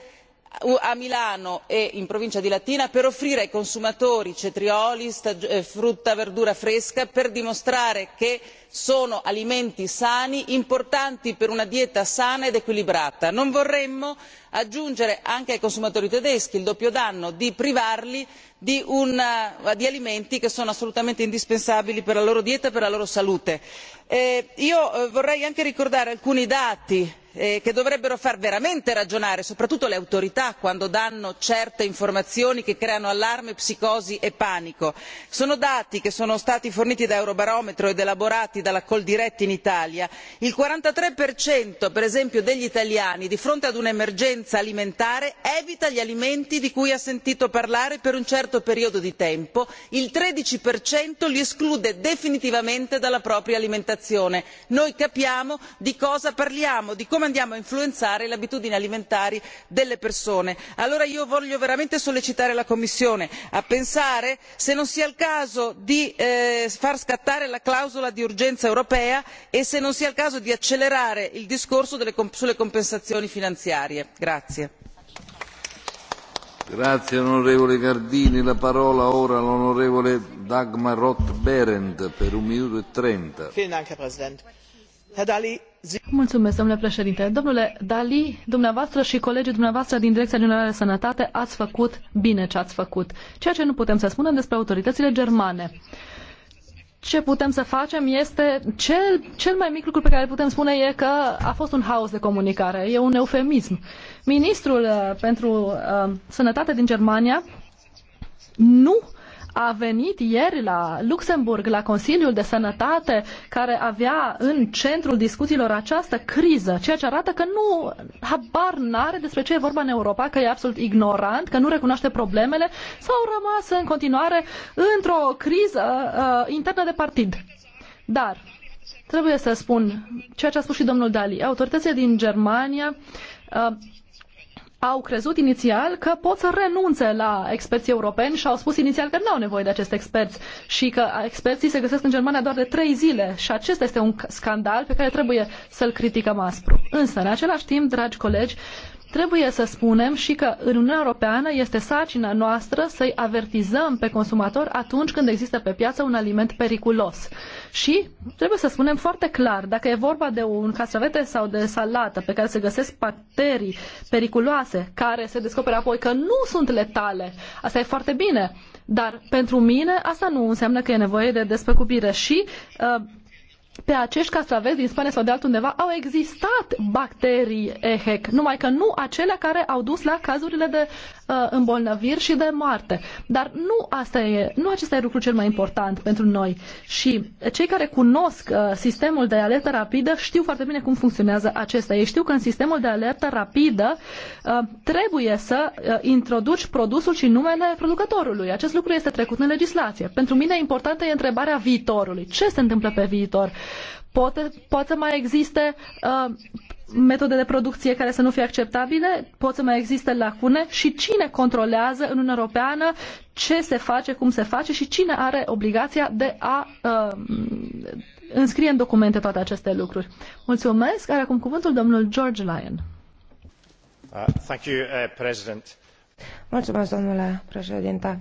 a milano e in provincia di latina per offrire ai consumatori cetrioli eh, frutta e verdura fresca per dimostrare che sono alimenti sani importanti per una dieta sana ed equilibrata. non vorremmo aggiungere anche ai consumatori tedeschi il doppio danno di privarli di eh, alimenti che sono assolutamente indispensabili per la loro dieta e per la loro salute. Eh, io vorrei anche ricordare alcuni dati che dovrebbero far veramente ragionare soprattutto le autorità quando danno certe informazioni che creano allarme psicosi e panico. sono dati che sono stati forniti da eurobarometro ed elaborati dalla coldiretti in italia il quarantatré per esempio degli italiani di fronte ad un'emergenza alimentare evita gli alimenti di cui ha sentito parlare per un certo periodo di tempo il tredici li esclude definitivamente dalla propria alimentazione. noi capiamo di cosa parliamo di come come andiamo a influenzare le abitudini alimentari delle persone. allora io voglio veramente sollecitare la commissione a pensare se non sia il caso di eh, far scattare la clausola di urgenza europea e se non sia il caso di accelerare il discorso sulle compensazioni finanziarie. Mulțumesc, domnule președinte. Domnule Dali, dumneavoastră și colegii dumneavoastră din Direcția Generală de Sănătate ați făcut bine ce ați făcut. Ceea ce nu putem să spunem despre autoritățile germane. Ce putem să facem este, cel, cel mai mic lucru pe care putem spune e că a fost un haos de comunicare, e un eufemism. Ministrul uh, pentru uh, Sănătate din Germania nu uh, a venit ieri la Luxemburg, la Consiliul de Sănătate, care avea în centrul discuțiilor această criză, ceea ce arată că nu habar n-are despre ce e vorba în Europa, că e absolut ignorant, că nu recunoaște problemele sau rămas în continuare într-o criză uh, internă de partid. Dar trebuie să spun ceea ce a spus și domnul Dali. Autoritățile din Germania uh, au crezut inițial că pot să renunțe la experții europeni și au spus inițial că nu au nevoie de acești experți și că experții se găsesc în Germania doar de trei zile și acesta este un scandal pe care trebuie să-l criticăm aspru. Însă, în același timp, dragi colegi, Trebuie să spunem și că în Uniunea Europeană este sarcina noastră să-i avertizăm pe consumator atunci când există pe piață un aliment periculos. Și trebuie să spunem foarte clar, dacă e vorba de un casavete sau de salată pe care se găsesc bacterii periculoase, care se descoperă apoi că nu sunt letale, asta e foarte bine. Dar pentru mine asta nu înseamnă că e nevoie de despăcubire și uh, pe acești castraveți din Spania sau de altundeva au existat bacterii EHEC, numai că nu acelea care au dus la cazurile de Uh, îmbolnăviri și de moarte. Dar nu, asta e, nu acesta e lucrul cel mai important pentru noi. Și cei care cunosc uh, sistemul de alertă rapidă știu foarte bine cum funcționează acesta. Ei știu că în sistemul de alertă rapidă uh, trebuie să introduci produsul și numele producătorului. Acest lucru este trecut în legislație. Pentru mine importantă e întrebarea viitorului. Ce se întâmplă pe viitor? Poate, poate mai existe uh, metode de producție care să nu fie acceptabile, pot să mai existe lacune și cine controlează în Uniunea Europeană ce se face, cum se face și cine are obligația de a uh, înscrie în documente toate aceste lucruri. Mulțumesc. Are acum cuvântul domnul George Lyon. Uh, thank you, uh, President. Mulțumesc, domnule președinte.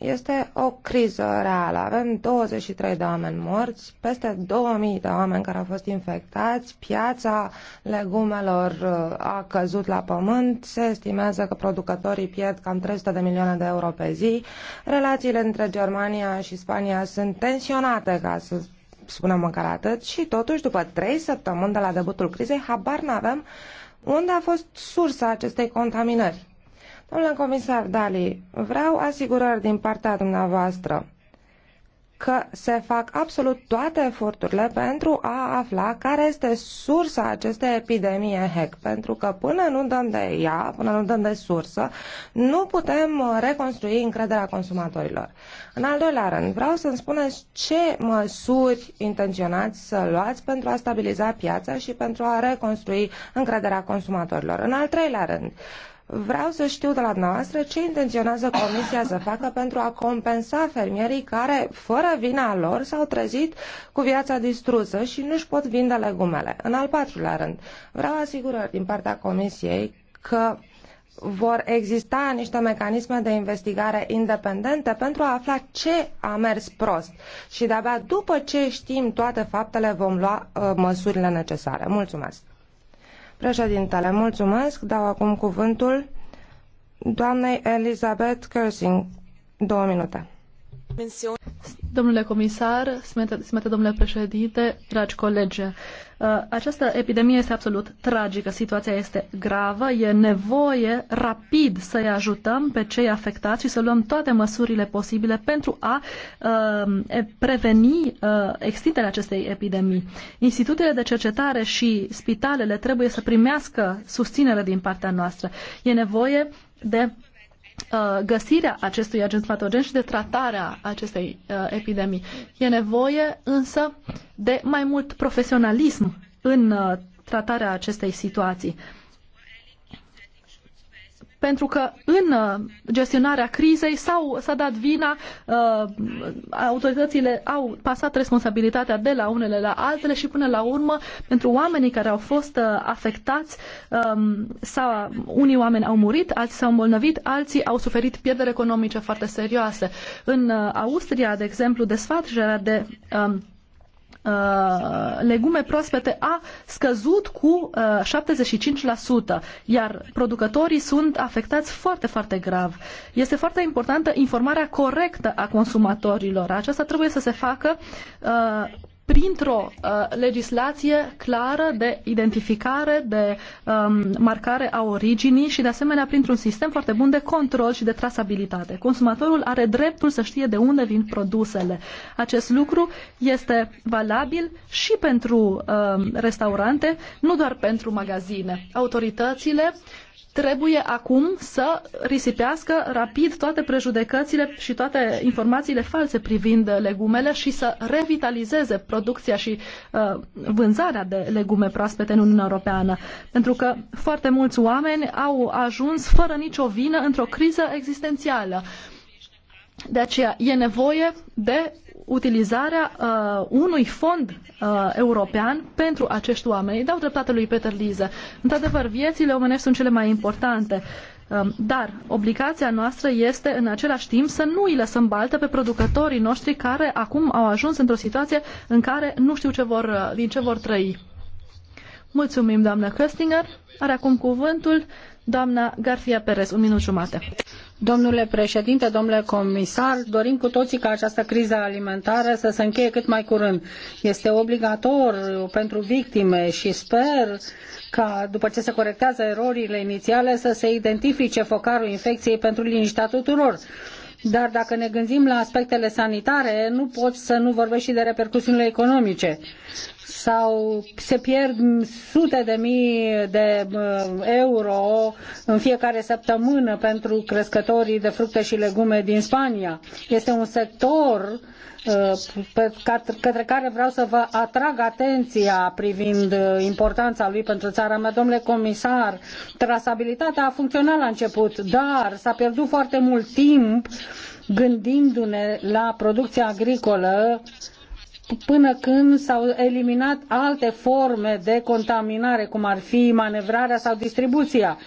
Este o criză reală. Avem 23 de oameni morți, peste 2000 de oameni care au fost infectați, piața legumelor uh, a căzut la pământ, se estimează că producătorii pierd cam 300 de milioane de euro pe zi, relațiile între Germania și Spania sunt tensionate, ca să spunem măcar atât, și totuși, după 3 săptămâni de la debutul crizei, habar n-avem unde a fost sursa acestei contaminări. Domnule comisar Dali, vreau asigurări din partea dumneavoastră că se fac absolut toate eforturile pentru a afla care este sursa acestei epidemie HEC, pentru că până nu dăm de ea, până nu dăm de sursă, nu putem uh, reconstrui încrederea consumatorilor. În al doilea rând, vreau să-mi spuneți ce măsuri intenționați să luați pentru a stabiliza piața și pentru a reconstrui încrederea consumatorilor. În al treilea rând, uh, Vreau să știu de la noastră ce intenționează Comisia să facă pentru a compensa fermierii care, fără vina lor, s-au trezit cu viața distrusă și nu-și pot vinde legumele. În al patrulea rând, vreau asigurări din partea Comisiei că vor exista niște mecanisme de investigare independente pentru a afla ce a mers prost și de-abia după ce știm toate faptele vom lua uh, măsurile necesare. Mulțumesc! Președintele, mulțumesc. Dau acum cuvântul doamnei Elizabeth Kersing. Două minute Domnule comisar, smete domnule președinte, dragi colegi, uh, această epidemie este absolut tragică, situația este gravă, e nevoie rapid să-i ajutăm pe cei afectați și să luăm toate măsurile posibile pentru a uh, preveni uh, extinderea acestei epidemii. Institutele de cercetare și spitalele trebuie să primească susținere din partea noastră. E nevoie de Uh, găsirea acestui agent patogen și de tratarea acestei uh, epidemii. E nevoie însă de mai mult profesionalism în uh, tratarea acestei situații pentru că în uh, gestionarea crizei s a dat vina, uh, autoritățile au pasat responsabilitatea de la unele la altele și până la urmă, pentru oamenii care au fost uh, afectați, um, sau unii oameni au murit, alții s-au îmbolnăvit, alții au suferit pierderi economice foarte serioase. În Austria, de exemplu, desfacerea de um, Uh, legume proaspete a scăzut cu 75%, uh, iar producătorii sunt afectați foarte, foarte grav. Este foarte importantă informarea corectă a consumatorilor. Aceasta trebuie să se facă uh, printr-o uh, legislație clară de identificare, de um, marcare a originii și, de asemenea, printr-un sistem foarte bun de control și de trasabilitate. Consumatorul are dreptul să știe de unde vin produsele. Acest lucru este valabil și pentru um, restaurante, nu doar pentru magazine. Autoritățile trebuie acum să risipească rapid toate prejudecățile și toate informațiile false privind legumele și să revitalizeze producția și uh, vânzarea de legume proaspete în Uniunea Europeană. Pentru că foarte mulți oameni au ajuns fără nicio vină într-o criză existențială. De aceea e nevoie de utilizarea uh, unui fond uh, european pentru acești oameni. Îi dau dreptate lui Peter Liză. Într-adevăr, viețile omenești sunt cele mai importante. Um, dar obligația noastră este în același timp să nu îi lăsăm baltă pe producătorii noștri care acum au ajuns într-o situație în care nu știu ce vor, uh, din ce vor trăi. Mulțumim, doamnă Köstinger. Are acum cuvântul Doamna Garcia Perez, un minut jumate. Domnule președinte, domnule comisar, dorim cu toții ca această criză alimentară să se încheie cât mai curând. Este obligator pentru victime și sper ca după ce se corectează erorile inițiale să se identifice focarul infecției pentru liniștea tuturor. Dar dacă ne gândim la aspectele sanitare, nu pot să nu vorbesc și de repercusiunile economice. Sau se pierd sute de mii de uh, euro în fiecare săptămână pentru crescătorii de fructe și legume din Spania. Este un sector uh, pe, către care vreau să vă atrag atenția privind uh, importanța lui pentru țara mea. Domnule comisar, trasabilitatea a funcționat la început, dar s-a pierdut foarte mult timp gândindu-ne la producția agricolă până când s-au eliminat alte forme de contaminare, cum ar fi manevrarea sau distribuția.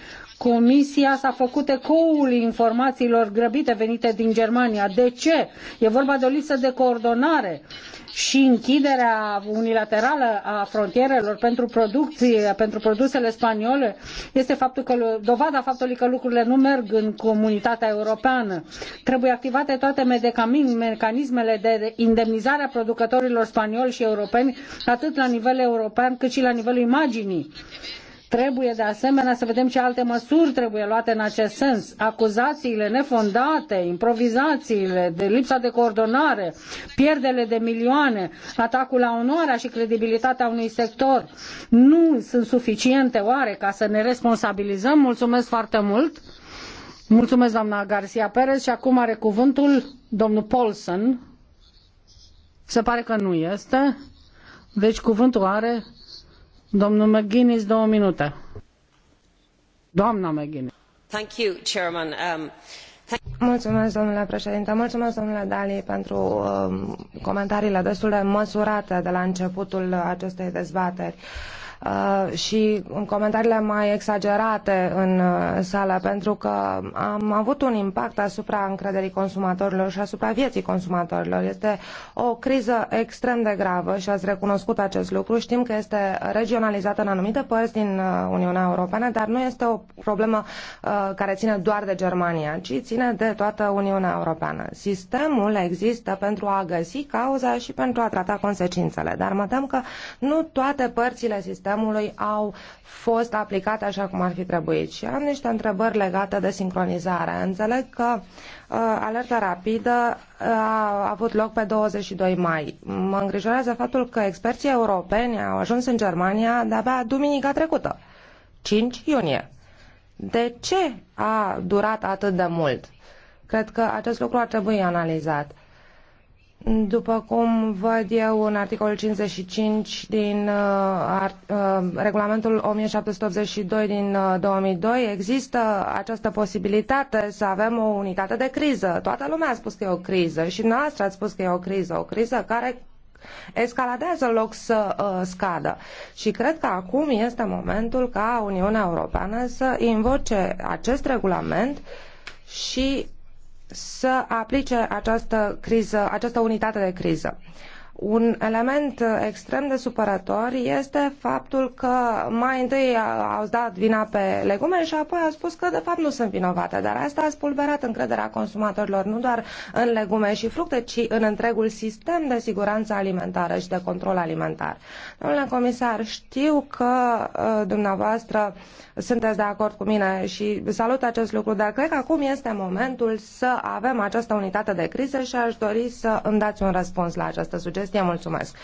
Comisia s-a făcut ecoul informațiilor grăbite venite din Germania. De ce? E vorba de o lipsă de coordonare și închiderea unilaterală a frontierelor pentru producție, pentru produsele spaniole, este faptul că, dovada faptului că lucrurile nu merg în comunitatea europeană. Trebuie activate toate mecanismele de indemnizare a producătorilor spanioli și europeni, atât la nivel european cât și la nivelul imaginii Trebuie de asemenea să vedem ce alte măsuri trebuie luate în acest sens. Acuzațiile nefondate, improvizațiile, de lipsa de coordonare, pierdele de milioane, atacul la onoarea și credibilitatea unui sector nu sunt suficiente oare ca să ne responsabilizăm? Mulțumesc foarte mult! Mulțumesc, doamna Garcia Perez. Și acum are cuvântul domnul Paulson. Se pare că nu este. Deci cuvântul are Domnul um, Mulțumesc, domnule președinte. Mulțumesc, domnule Dali, pentru um, comentariile destul de măsurate de la începutul acestei dezbateri. Uh, și în comentariile mai exagerate în uh, sală, pentru că am avut un impact asupra încrederii consumatorilor și asupra vieții consumatorilor. Este o criză extrem de gravă și ați recunoscut acest lucru. Știm că este regionalizată în anumite părți din uh, Uniunea Europeană, dar nu este o problemă care ține doar de Germania, ci ține de toată Uniunea Europeană. Sistemul există pentru a găsi cauza și pentru a trata consecințele, dar mă tem că nu toate părțile sistemului sistemului au fost aplicate așa cum ar fi trebuit. Și am niște întrebări legate de sincronizare. Înțeleg că uh, alerta rapidă uh, a avut loc pe 22 mai. Mă îngrijorează faptul că experții europeni au ajuns în Germania de-abia duminica trecută, 5 iunie. De ce a durat atât de mult? Cred că acest lucru ar trebui analizat. După cum văd eu în articolul 55 din uh, ar, uh, regulamentul 1782 din uh, 2002, există această posibilitate să avem o unitate de criză. Toată lumea a spus că e o criză și noastră A spus că e o criză, o criză care escaladează în loc să uh, scadă. Și cred că acum este momentul ca Uniunea Europeană să invoce acest regulament și să aplice această criză, această unitate de criză. Un element extrem de supărător este faptul că mai întâi au dat vina pe legume și apoi au spus că de fapt nu sunt vinovate, dar asta a spulberat încrederea consumatorilor nu doar în legume și fructe, ci în întregul sistem de siguranță alimentară și de control alimentar. Domnule comisar, știu că uh, dumneavoastră sunteți de acord cu mine și salut acest lucru, dar cred că acum este momentul să avem această unitate de criză și aș dori să îmi dați un răspuns la această sugestie. Mulțumesc!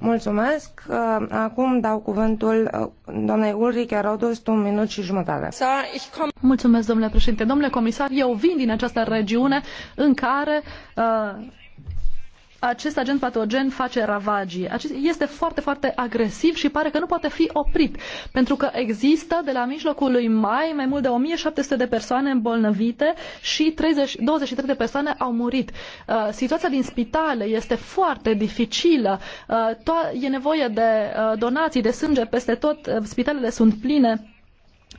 Mulțumesc! Uh, acum dau cuvântul uh, doamnei Ulrike Rodost, un minut și jumătate. Mulțumesc, domnule președinte. Domnule comisar, eu vin din această regiune în care uh, acest agent patogen face ravagii. Este foarte, foarte agresiv și pare că nu poate fi oprit, pentru că există de la mijlocul lui mai mai mult de 1700 de persoane îmbolnăvite și 30, 23 de persoane au murit. Uh, situația din spitale este foarte dificilă. Uh, e nevoie de uh, donații de sânge peste tot. Uh, spitalele sunt pline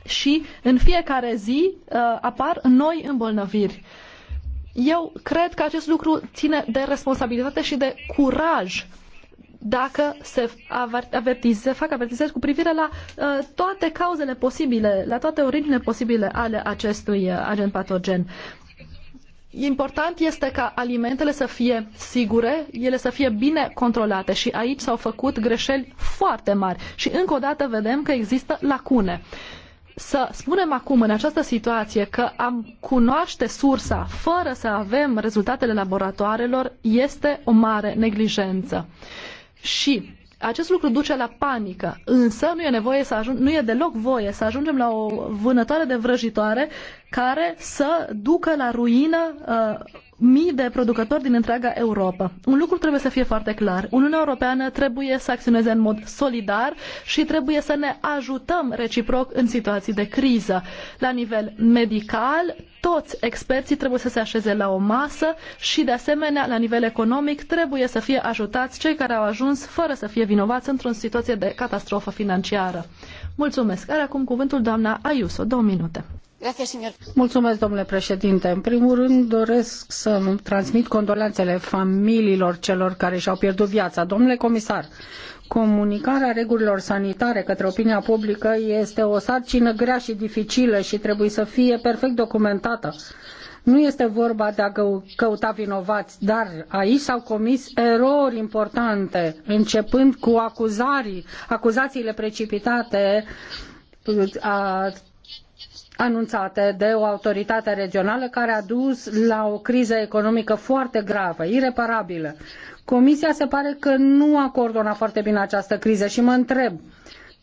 și în fiecare zi uh, apar noi îmbolnăviri. Eu cred că acest lucru ține de responsabilitate și de curaj dacă se, avertize, se fac avertizări cu privire la uh, toate cauzele posibile, la toate originile posibile ale acestui uh, agent patogen. Important este ca alimentele să fie sigure, ele să fie bine controlate și aici s-au făcut greșeli foarte mari și încă o dată vedem că există lacune. Uh, să spunem acum în această situație că am cunoaște sursa fără să avem rezultatele laboratoarelor este o mare neglijență. Și acest lucru duce la panică, însă nu e, nevoie să ajung, nu e deloc voie să ajungem la o vânătoare de vrăjitoare care să ducă la ruină uh, mii de producători din întreaga Europa. Un lucru trebuie să fie foarte clar. Uniunea Europeană trebuie să acționeze în mod solidar și trebuie să ne ajutăm reciproc în situații de criză. La nivel medical, toți experții trebuie să se așeze la o masă și, de asemenea, la nivel economic, trebuie să fie ajutați cei care au ajuns fără să fie vinovați într-o situație de catastrofă financiară. Mulțumesc. Are acum cuvântul doamna Ayuso. Două minute. Mulțumesc, domnule președinte. În primul rând, doresc să transmit condolențele familiilor celor care și-au pierdut viața. Domnule comisar, comunicarea regulilor sanitare către opinia publică este o sarcină grea și dificilă și trebuie să fie perfect documentată. Nu este vorba de a căuta vinovați, dar aici s-au comis erori importante, începând cu acuzarii, acuzațiile precipitate a anunțate de o autoritate regională care a dus la o criză economică foarte gravă, ireparabilă. Comisia se pare că nu a coordonat foarte bine această criză și mă întreb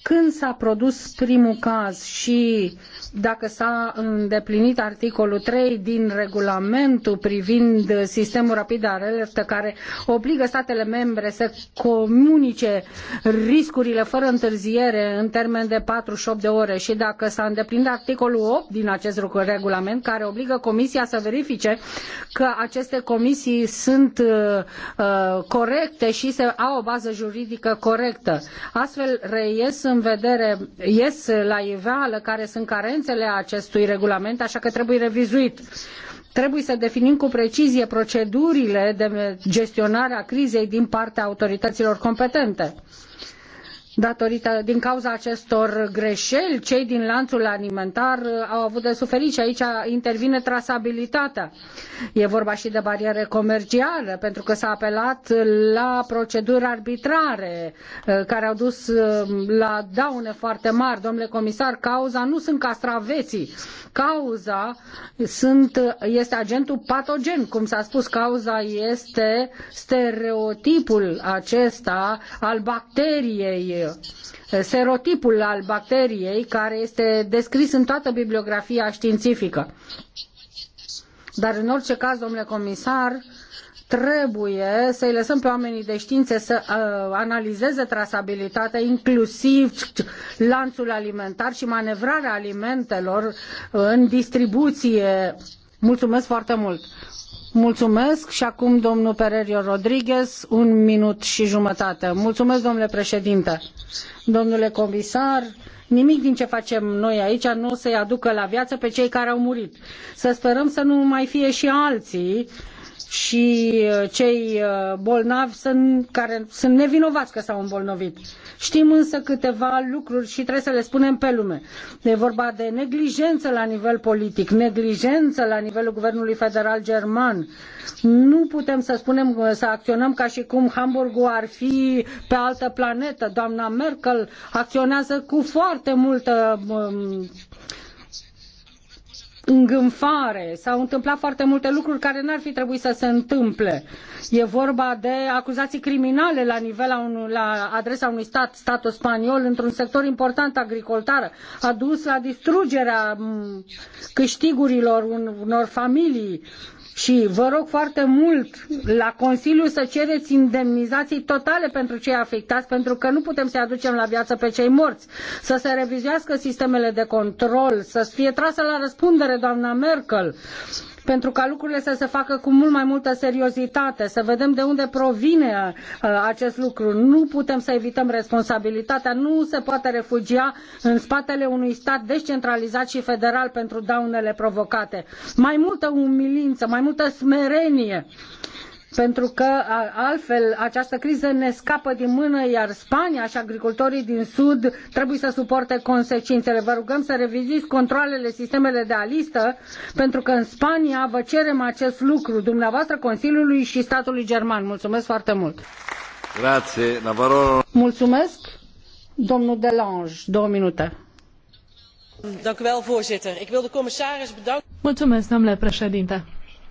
când s-a produs primul caz și dacă s-a îndeplinit articolul 3 din regulamentul privind sistemul rapid de alertă care obligă statele membre să comunice riscurile fără întârziere în termen de 48 de ore și dacă s-a îndeplinit articolul 8 din acest regulament care obligă comisia să verifice că aceste comisii sunt uh, uh corecte și se, au o bază juridică corectă. Astfel reies în vedere, ies la iveală care sunt carențele acestui regulament, așa că trebuie revizuit. Trebuie să definim cu precizie procedurile de gestionare a crizei din partea autorităților competente datorită, din cauza acestor greșeli, cei din lanțul alimentar uh, au avut de suferit și aici intervine trasabilitatea. E vorba și de bariere comerciale, pentru că s-a apelat la proceduri arbitrare uh, care au dus uh, la daune foarte mari. Domnule comisar, cauza nu sunt castraveții, cauza sunt, este agentul patogen, cum s-a spus, cauza este stereotipul acesta al bacteriei Eh, serotipul al bacteriei care este descris în toată bibliografia științifică. Dar în orice caz, domnule comisar, trebuie să-i lăsăm pe oamenii de științe să eh, analizeze trasabilitatea, inclusiv lanțul alimentar și manevrarea alimentelor în distribuție. Mulțumesc foarte mult! Mulțumesc și acum domnul Pererio Rodriguez, un minut și jumătate. Mulțumesc, domnule președinte. Domnule comisar, nimic din ce facem noi aici nu o să-i aducă la viață pe cei care au murit. Să sperăm să nu mai fie și alții uh, și uh, cei uh, bolnavi sunt, care sunt nevinovați că s-au îmbolnăvit. Știm însă câteva lucruri și trebuie să le spunem pe lume. E vorba de neglijență la nivel politic, neglijență la nivelul guvernului federal german. Nu putem să spunem uh, să acționăm ca și cum Hamburgul ar fi pe altă planetă. Doamna Merkel acționează cu foarte multă um, îngânfare, s-au întâmplat foarte multe lucruri care n-ar fi trebuit să se întâmple. E vorba de acuzații criminale la nivel la adresa unui stat, statul spaniol, într-un sector important agricultar, a dus la distrugerea câștigurilor unor familii, și vă rog foarte mult la Consiliu să cereți indemnizații totale pentru cei afectați, pentru că nu putem să-i aducem la viață pe cei morți. Să se revizuiască sistemele de control, să fie trasă la răspundere doamna Merkel, pentru ca lucrurile să se facă cu mult mai multă seriozitate, să vedem de unde provine uh, acest lucru. Nu putem să evităm responsabilitatea, nu se poate refugia în spatele unui stat descentralizat și federal pentru daunele provocate. Mai multă umilință, mai multă smerenie pentru că altfel această criză ne scapă din mână, iar Spania și agricultorii din Sud trebuie să suporte consecințele. Vă rugăm să revizuiți controlele, sistemele de alistă, pentru că în Spania vă cerem acest lucru, dumneavoastră Consiliului și statului german. Mulțumesc foarte mult! Grazie, Mulțumesc, domnul Delange, două minute. Mulțumesc, domnule președinte.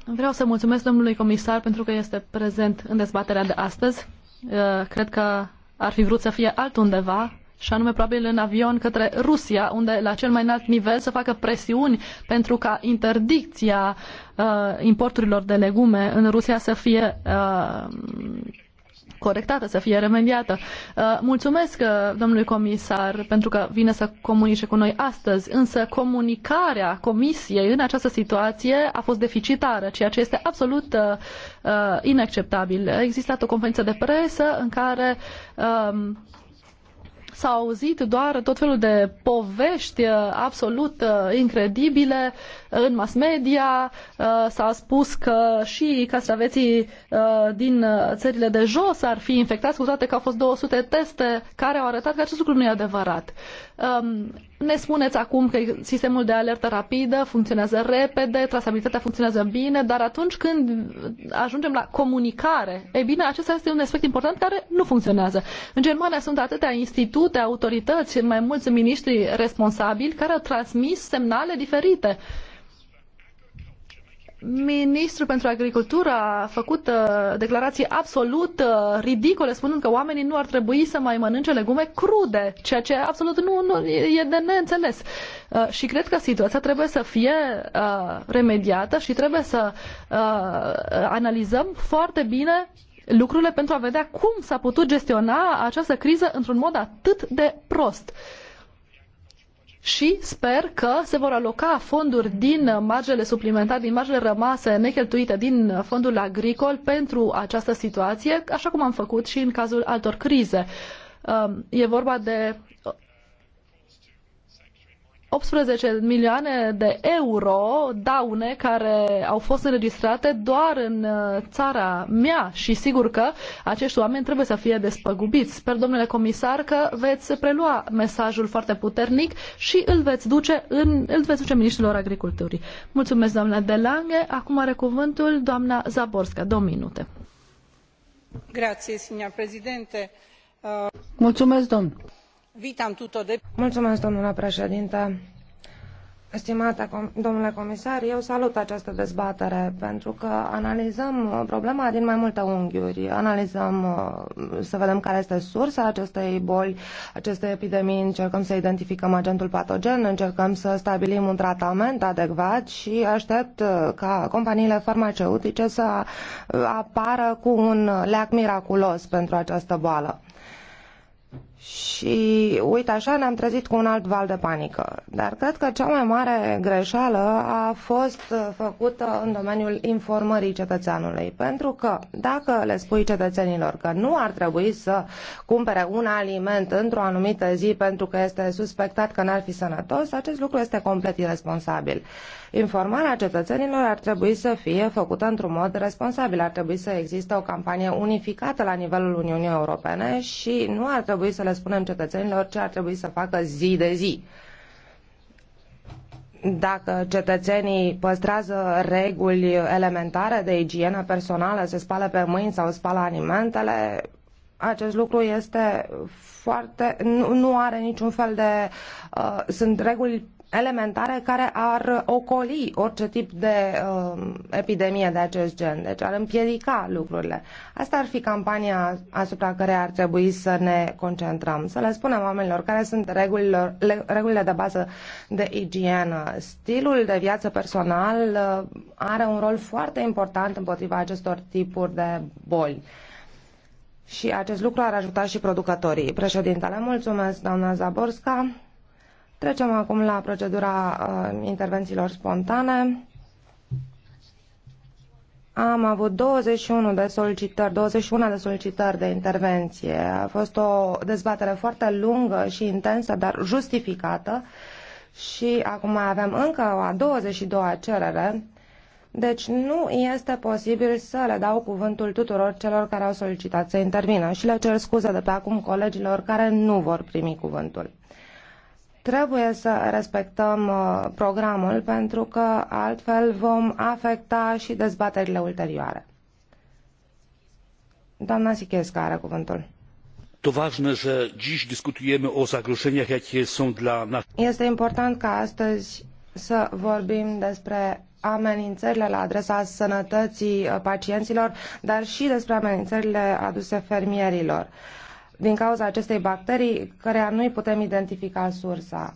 Vreau să mulțumesc domnului comisar pentru că este prezent în dezbaterea de astăzi. Uh, cred că ar fi vrut să fie altundeva și anume probabil în avion către Rusia, unde la cel mai înalt nivel să facă presiuni pentru ca interdicția uh, importurilor de legume în Rusia să fie uh, corectată, să fie remediată. Uh, mulțumesc uh, domnului comisar pentru că vine să comunice cu noi astăzi, însă comunicarea comisiei în această situație a fost deficitară, ceea ce este absolut uh, uh inacceptabil. A existat o conferință de presă în care um, s-au auzit doar tot felul de povești absolut incredibile în mass media, uh, s-a spus că și castraveții uh, din uh, țările de jos ar fi infectați, cu toate că au fost 200 teste care au arătat că acest lucru nu e adevărat. Um, ne spuneți acum că sistemul de alertă rapidă funcționează repede, trasabilitatea funcționează bine, dar atunci când ajungem la comunicare, e bine, acesta este un aspect important care nu funcționează. În Germania sunt atâtea institute, autorități, mai mulți miniștri responsabili care au transmis semnale diferite ministrul pentru agricultură a făcut uh, declarații absolut uh, ridicole, spunând că oamenii nu ar trebui să mai mănânce legume crude, ceea ce absolut nu, nu e de neînțeles. Uh, și cred că situația trebuie să fie uh, remediată și trebuie să uh, analizăm foarte bine lucrurile pentru a vedea cum s-a putut gestiona această criză într-un mod atât de prost. Uh, și sper că se vor aloca fonduri din marjele suplimentare, din marjele rămase necheltuite din fondul agricol pentru această situație, așa cum am făcut și în cazul altor crize. Um, e vorba de 18 milioane de euro daune care au fost înregistrate doar în uh, țara mea și sigur că acești oameni trebuie să fie despăgubiți. Sper, domnule comisar, că veți prelua mesajul foarte puternic și îl veți duce, în, îl veți duce ministrilor agriculturii. Mulțumesc, doamna Delange. Acum are cuvântul doamna Zaborska. Două minute. Grație, signor președinte. Uh... Mulțumesc, domnule Mulțumesc, președinte. comisar, eu salut această dezbatere pentru că analizăm uh, problema din mai multe unghiuri. Analizăm uh, să vedem care este sursa acestei boli, acestei epidemii, încercăm să identificăm agentul patogen, încercăm să stabilim un tratament adecvat și aștept uh, ca companiile farmaceutice să apară cu un leac miraculos pentru această boală. Și uite așa ne-am trezit cu un alt val de panică. Dar cred că cea mai mare greșeală a fost uh, făcută în domeniul informării cetățeanului. Pentru că dacă le spui cetățenilor că nu ar trebui să cumpere un aliment într-o anumită zi pentru că este suspectat că n-ar fi sănătos, acest lucru este complet irresponsabil. Informarea cetățenilor ar trebui să fie făcută într-un mod responsabil. Ar trebui să existe o campanie unificată la nivelul Uniunii Europene și nu ar trebui să le spunem cetățenilor ce ar trebui să facă zi de zi dacă cetățenii păstrează reguli elementare de igienă personală, se spală pe mâini sau spală alimentele, acest lucru este foarte. nu, nu are niciun fel de. Uh, sunt reguli elementare care ar ocoli orice tip de uh, epidemie de acest gen, deci ar împiedica lucrurile. Asta ar fi campania asupra care ar trebui să ne concentrăm, să le spunem oamenilor care sunt regulile, regulile de bază de igienă. Stilul de viață personal uh, are un rol foarte important împotriva acestor tipuri de boli. Uh, și acest lucru ar ajuta și producătorii. Președintele, mulțumesc, doamna Zaborska. Trecem acum la procedura uh, intervențiilor spontane. Am avut 21 de solicitări, 21 de solicitări de intervenție. A fost o dezbatere foarte lungă și intensă, dar justificată. Și acum mai avem încă o a 22-a cerere deci nu este posibil să le dau cuvântul tuturor celor care au solicitat să intervină și le cer scuze de pe acum colegilor care nu vor primi cuvântul. Trebuie să respectăm uh, programul pentru că altfel vom afecta și dezbaterile ulterioare. Doamna Sichesca are cuvântul. Este important ca astăzi să vorbim despre amenințările la adresa sănătății uh, pacienților, dar și despre amenințările aduse fermierilor din cauza acestei bacterii, care nu i putem identifica sursa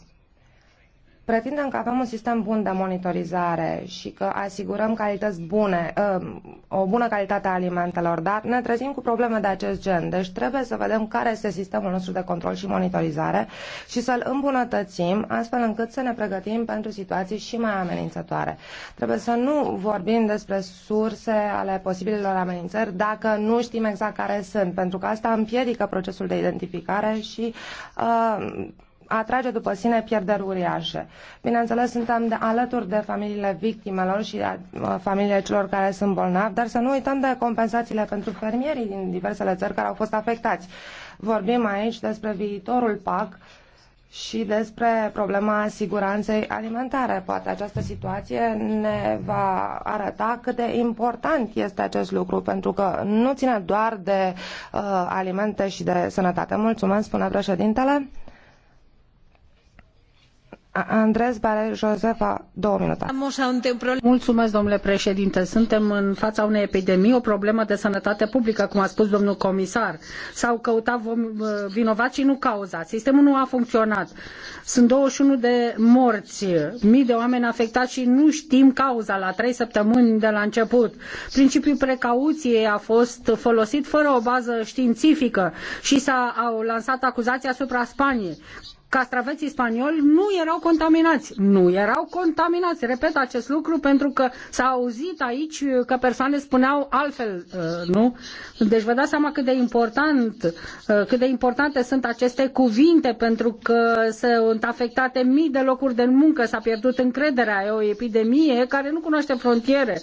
pretindem că avem un sistem bun de monitorizare și că asigurăm calități bune, uh, o bună calitate a alimentelor, dar ne trezim cu probleme de acest gen. Deci trebuie să vedem care este sistemul nostru de control și monitorizare și să-l îmbunătățim astfel încât să ne pregătim pentru situații și mai amenințătoare. Trebuie să nu vorbim despre surse ale posibililor amenințări dacă nu știm exact care sunt, pentru că asta împiedică procesul de identificare și uh, atrage după sine pierderi uriașe. Bineînțeles, suntem de, alături de familiile victimelor și de uh, familiile celor care sunt bolnavi, dar să nu uităm de compensațiile pentru fermierii din diversele țări care au fost afectați. Vorbim aici despre viitorul PAC și despre problema siguranței alimentare. Poate această situație ne va arăta cât de important este acest lucru, pentru că nu ține doar de uh, alimente și de sănătate. Mulțumesc, spune președintele. Andres Mulțumesc, domnule președinte. Suntem în fața unei epidemii, o problemă de sănătate publică, cum a spus domnul comisar. S-au căutat uh, vinovați și nu cauza. Sistemul nu a funcționat. Sunt 21 de morți, mii de oameni afectați și nu știm cauza la trei săptămâni de la început. Principiul precauției a fost folosit fără o bază științifică și s-au lansat acuzații asupra Spaniei castraveții spanioli nu erau contaminați. Nu erau contaminați. Repet acest lucru pentru că s-a auzit aici că persoane spuneau altfel, uh, nu? Deci vă dați seama cât de important, uh, cât de importante sunt aceste cuvinte pentru că sunt afectate mii de locuri de muncă, s-a pierdut încrederea, e o epidemie care nu cunoaște frontiere.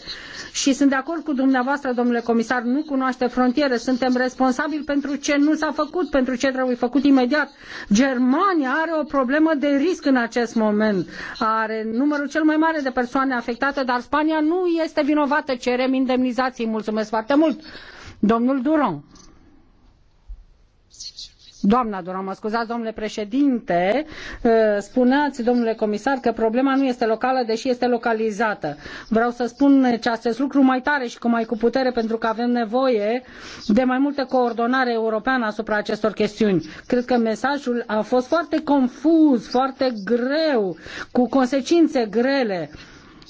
Și sunt de acord cu dumneavoastră, domnule comisar, nu cunoaște frontiere, suntem responsabili pentru ce nu s-a făcut, pentru ce trebuie făcut imediat. Germania are o problemă de risc în acest moment. Are numărul cel mai mare de persoane afectate, dar Spania nu este vinovată. Cerem indemnizații. Mulțumesc foarte mult. Domnul Duron. Doamna Duran, mă scuzați, domnule președinte, uh, spuneați, domnule comisar, că problema nu este locală, deși este localizată. Vreau să spun acest lucru mai tare și cu mai cu putere, pentru că avem nevoie de mai multă coordonare europeană asupra acestor chestiuni. Cred că mesajul a fost foarte confuz, foarte greu, cu consecințe grele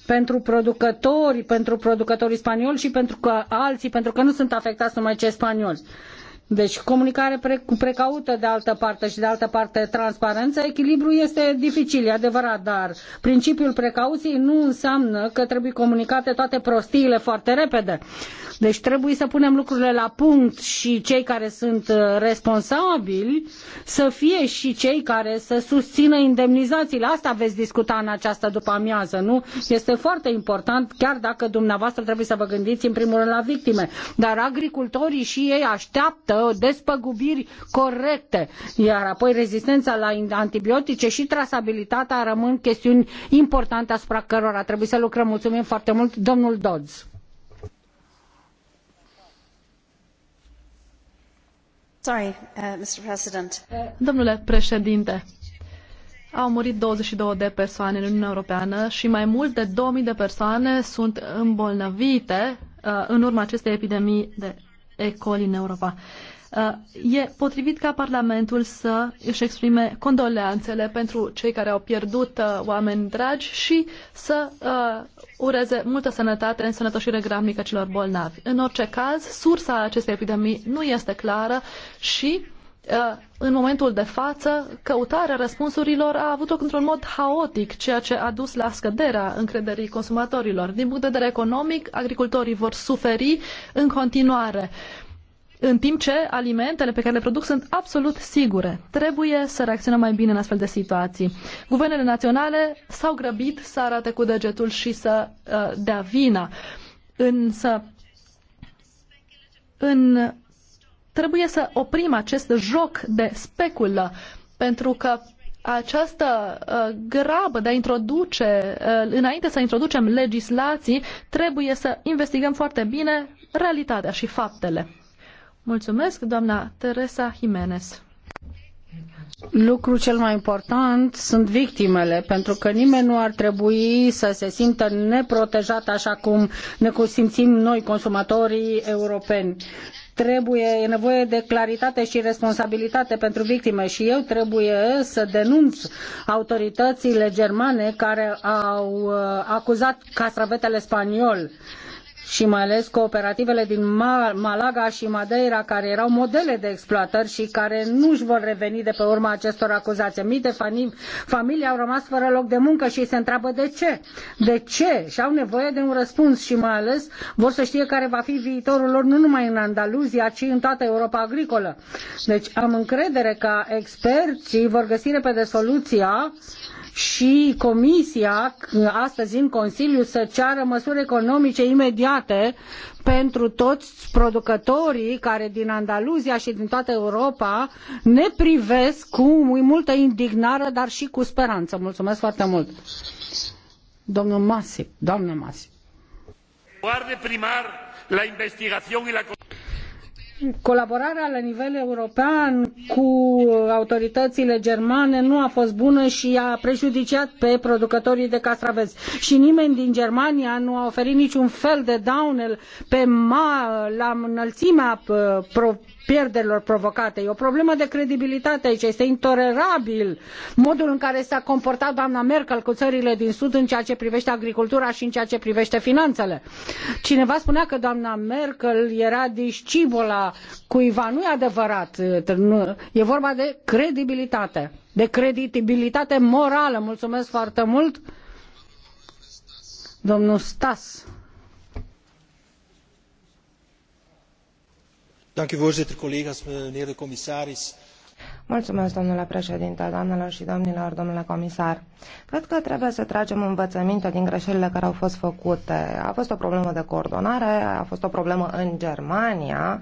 pentru producători, pentru producătorii spanioli și pentru că alții, pentru că nu sunt afectați numai cei spanioli. Deci comunicare pre, precaută de altă parte și de altă parte transparență, echilibru este dificil, e adevărat, dar principiul precauției nu înseamnă că trebuie comunicate toate prostiile foarte repede. Deci trebuie să punem lucrurile la punct și cei care sunt uh, responsabili să fie și cei care să susțină indemnizațiile. Asta veți discuta în această după amiază, nu? Este foarte important, chiar dacă dumneavoastră trebuie să vă gândiți în primul rând la victime. Dar agricultorii și ei așteaptă despăgubiri corecte, iar apoi rezistența la antibiotice și trasabilitatea rămân chestiuni importante asupra cărora trebuie să lucrăm. Mulțumim foarte mult, domnul Dodds. Sorry, uh, Mr. President. Domnule președinte, au murit 22 de persoane în Uniunea Europeană și mai mult de 2000 de persoane sunt îmbolnăvite uh, în urma acestei epidemii de ecoli în Europa. Uh, e potrivit ca Parlamentul să își exprime condoleanțele pentru cei care au pierdut uh, oameni dragi și să uh, ureze multă sănătate în sănătoșire gramnică celor bolnavi. În orice caz, sursa acestei epidemii nu este clară și Uh, în momentul de față, căutarea răspunsurilor a avut loc într-un mod haotic, ceea ce a dus la scăderea încrederii consumatorilor. Din punct de vedere economic, agricultorii vor suferi în continuare în timp ce alimentele pe care le produc sunt absolut sigure. Trebuie să reacționăm mai bine în astfel de situații. Guvernele naționale s-au grăbit să arate cu degetul și să uh, dea vina. Însă, în Trebuie să oprim acest joc de speculă, pentru că această uh, grabă de a introduce, uh, înainte să introducem legislații, trebuie să investigăm foarte bine realitatea și faptele. Mulțumesc, doamna Teresa Jimenez. Lucru cel mai important sunt victimele, pentru că nimeni nu ar trebui să se simtă neprotejat așa cum ne simțim noi, consumatorii europeni trebuie, e nevoie de claritate și responsabilitate pentru victime și eu trebuie să denunț autoritățile germane care au uh, acuzat castravetele spaniol și mai ales cooperativele din Malaga și Madeira, care erau modele de exploatări și care nu își vor reveni de pe urma acestor acuzații. Mii de familii au rămas fără loc de muncă și se întreabă de ce. De ce? Și au nevoie de un răspuns și mai ales vor să știe care va fi viitorul lor nu numai în Andaluzia, ci în toată Europa agricolă. Deci am încredere că experții vor găsi repede soluția uh, și Comisia astăzi în Consiliu să ceară măsuri economice imediate pentru toți producătorii care din Andaluzia și din toată Europa ne privesc cu multă indignare, dar și cu speranță. Mulțumesc foarte mult. Domnul Masip, doamnă Masip. Primar, la investigación y la colaborarea la nivel european cu autoritățile germane nu a fost bună și a prejudiciat pe producătorii de castraveți. Și nimeni din Germania nu a oferit niciun fel de daune pe ma, la înălțimea uh, pro, pierderilor provocate. E o problemă de credibilitate aici. Este intolerabil modul în care s-a comportat doamna Merkel cu țările din Sud în ceea ce privește agricultura și în ceea ce privește finanțele. Cineva spunea că doamna Merkel era discibola cuiva. Nu e adevărat. E vorba de credibilitate. De credibilitate morală. Mulțumesc foarte mult. Domnul Stas. voorzitter collega's eh, mijnheer de commissaris cred că trebuie să tragem învățăminte din greșelile care au fost făcute. A fost o problemă de coordonare, a fost o problemă în Germania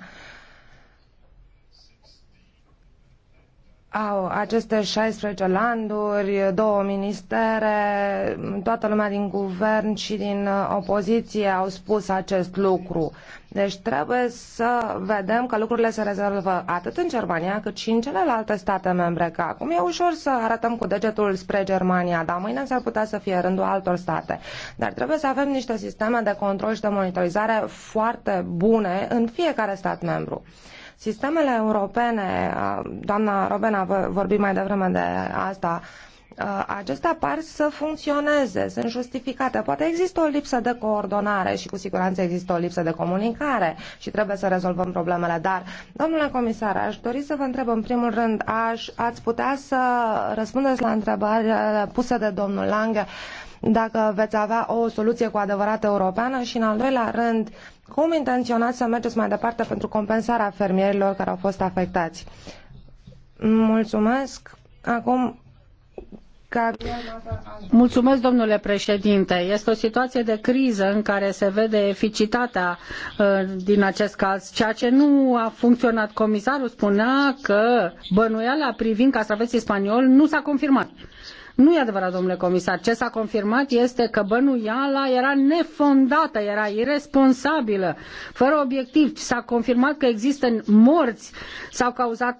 au aceste 16 landuri, două ministere, toată lumea din guvern și din uh, opoziție au spus acest lucru. Deci trebuie să vedem că lucrurile se rezolvă atât în Germania cât și în celelalte state membre, că acum e ușor să arătăm cu degetul spre Germania, dar mâine s-ar putea să fie rândul altor state. Dar trebuie să avem niște sisteme de control și de monitorizare foarte bune în fiecare stat membru. Sistemele europene, doamna Robena vorbi mai devreme de asta, acestea par să funcționeze, sunt justificate. Poate există o lipsă de coordonare și cu siguranță există o lipsă de comunicare și trebuie să rezolvăm problemele. Dar, domnule comisar, aș dori să vă întreb în primul rând, aș, ați putea să răspundeți la întrebarea pusă de domnul Lange dacă veți avea o soluție cu adevărat europeană și, în al doilea rând, uh, cum intenționați să mergeți mai departe pentru compensarea fermierilor care au fost afectați? Mulțumesc. Acum Mulțumesc, domnule președinte. Este o situație de criză în care se vede eficitatea uh, din acest caz. Ceea ce nu a funcționat, comisarul spunea că bănuiala privind castraveții spanioli nu s-a confirmat. Nu e adevărat, domnule comisar. Ce s-a confirmat este că bănuiala era nefondată, era irresponsabilă, fără obiectiv. S-a confirmat că există morți, s-au cauzat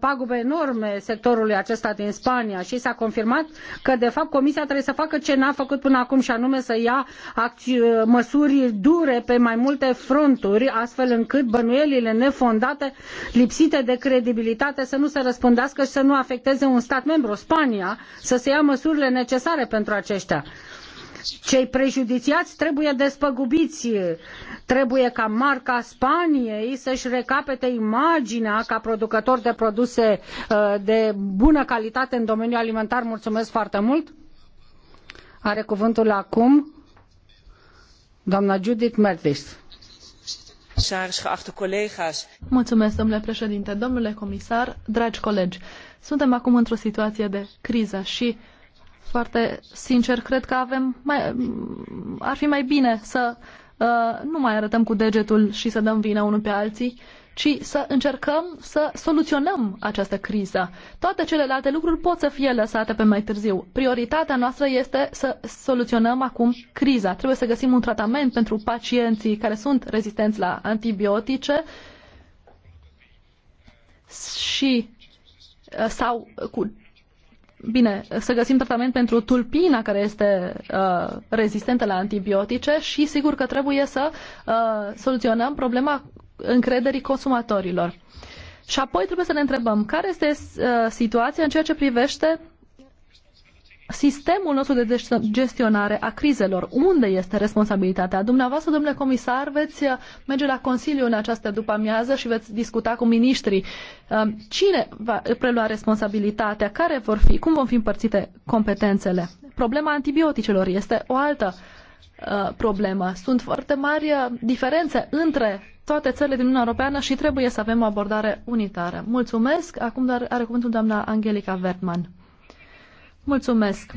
pagube enorme sectorului acesta din Spania și s-a confirmat că, de fapt, comisia trebuie să facă ce n-a făcut până acum și anume să ia măsuri dure pe mai multe fronturi, astfel încât bănuielile nefondate, lipsite de credibilitate, să nu se răspândească și să nu afecteze un stat membru, Spania, să se ia măsurile necesare pentru aceștia. Cei prejudiciați trebuie despăgubiți, trebuie ca marca Spaniei să-și recapete imaginea ca producător de produse uh, de bună calitate în domeniul alimentar. Mulțumesc foarte mult! Are cuvântul acum doamna Judith Mertis. Mulțumesc, domnule președinte, domnule comisar, dragi colegi. Suntem acum într-o situație de criză și, foarte sincer, cred că avem mai, ar fi mai bine să uh, nu mai arătăm cu degetul și să dăm vina unul pe alții, ci să încercăm să soluționăm această criză. Toate celelalte lucruri pot să fie lăsate pe mai târziu. Prioritatea noastră este să soluționăm acum criza. Trebuie să găsim un tratament pentru pacienții care sunt rezistenți la antibiotice și Uh, sau uh, cu bine, uh, să găsim tratament pentru tulpina care este uh, rezistentă la antibiotice și sigur că trebuie să uh, soluționăm problema încrederii consumatorilor. Și apoi trebuie să ne întrebăm care este uh, situația în ceea ce privește sistemul nostru de gestionare a crizelor. Unde este responsabilitatea? Dumneavoastră, domnule comisar, veți uh, merge la Consiliu în această după-amiază și veți discuta cu miniștrii. Um, cine va prelua responsabilitatea? Care vor fi? Cum vom fi împărțite competențele? Problema antibioticelor este o altă uh, problemă. Sunt foarte mari uh, diferențe între toate țările din Uniunea Europeană și trebuie să avem o abordare unitară. Mulțumesc. Acum dar are cuvântul doamna Angelica Wertmann. Mulțumesc!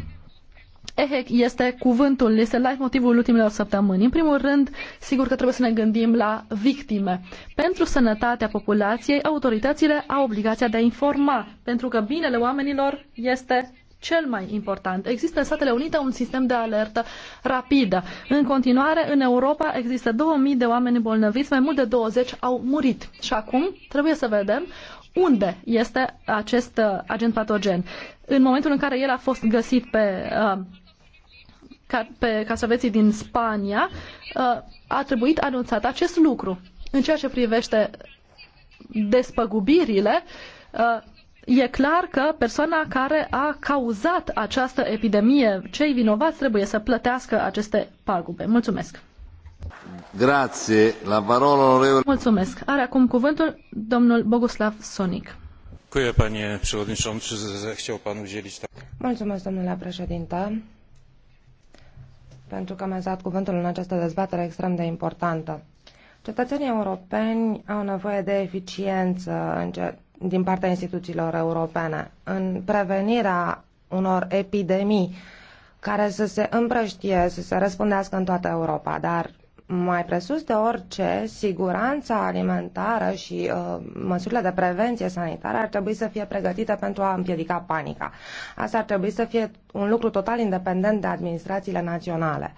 EHEC este cuvântul, este live motivul ultimelor săptămâni. În primul rând, sigur că trebuie să ne gândim la victime. Pentru sănătatea populației, autoritățile au obligația de a informa, pentru că binele oamenilor este cel mai important. Există în Statele Unite un sistem de alertă rapidă. În continuare, în Europa există 2000 de oameni bolnăviți, mai mult de 20 au murit. Și acum trebuie să vedem unde este acest uh, agent patogen în momentul în care el a fost găsit pe, uh, pe casaveții din Spania, uh, a trebuit anunțat acest lucru. În ceea ce privește despăgubirile, uh, e clar că persoana care a cauzat această epidemie, cei vinovați trebuie să plătească aceste pagube. Mulțumesc! Grazie. La parola onorevole. Mulțumesc. Are acum cuvântul domnul Boguslav Sonic. Mulțumesc, domnule președinte, pentru că mi-ați dat cuvântul în această dezbatere extrem de importantă. Cetățenii europeni au nevoie de eficiență din partea instituțiilor europene în prevenirea unor epidemii care să se împrăștie, să se răspândească în toată Europa, dar mai presus de orice, siguranța alimentară și uh, măsurile de prevenție sanitară ar trebui să fie pregătite pentru a împiedica panica. Asta ar trebui să fie un lucru total independent de administrațiile naționale.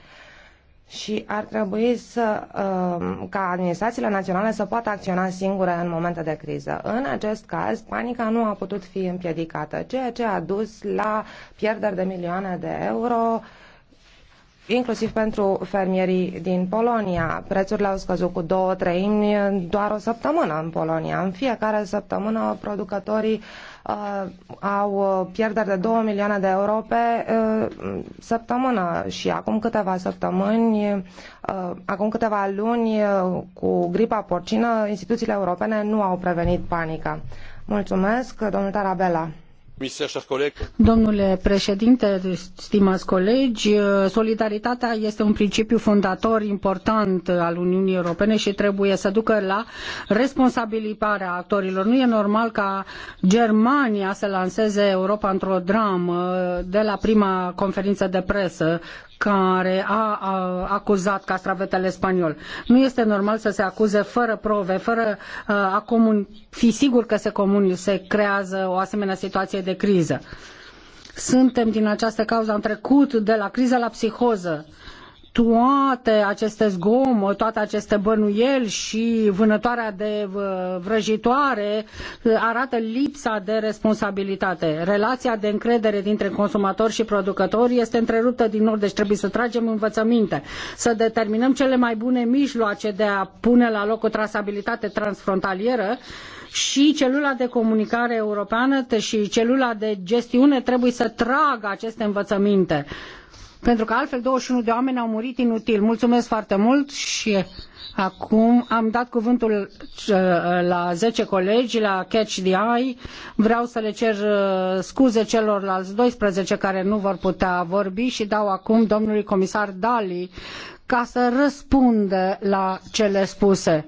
Și ar trebui să, uh, ca administrațiile naționale să poată acționa singure în momente de criză. În acest caz, panica nu a putut fi împiedicată, ceea ce a dus la pierderi de milioane de euro, uh, inclusiv pentru fermierii din Polonia. Prețurile au scăzut cu două treimi doar o săptămână în Polonia. În fiecare săptămână producătorii uh, au pierderi de 2 milioane de euro pe uh, săptămână și acum câteva săptămâni, uh, acum câteva luni uh, cu gripa porcină, instituțiile europene nu au prevenit panica. Mulțumesc, domnul Tarabella. Domnule președinte, stimați colegi, solidaritatea este un principiu fondator important al Uniunii Europene și trebuie să ducă la responsabilizarea actorilor. Nu e normal ca Germania să lanseze Europa într-o dramă de la prima conferință de presă care a, a acuzat castravetele spaniol. Nu este normal să se acuze fără prove, fără uh, a comun- fi sigur că se comun, se creează o asemenea situație de criză. Suntem din această cauză, am trecut de la criză la psihoză toate aceste zgomote, toate aceste bănuieli și vânătoarea de vrăjitoare uh, arată lipsa de responsabilitate. Relația de încredere dintre consumator și producător este întreruptă din nou, deci trebuie să tragem învățăminte, să determinăm cele mai bune mijloace de a pune la loc o trasabilitate transfrontalieră și celula de comunicare europeană și celula de gestiune trebuie să tragă aceste învățăminte pentru că altfel 21 de oameni au murit inutil. Mulțumesc foarte mult și acum am dat cuvântul uh, la zece colegi la Catch the Eye. Vreau să le cer uh, scuze celorlalți 12 care nu vor putea vorbi și dau acum domnului comisar Dali ca să răspundă la cele spuse.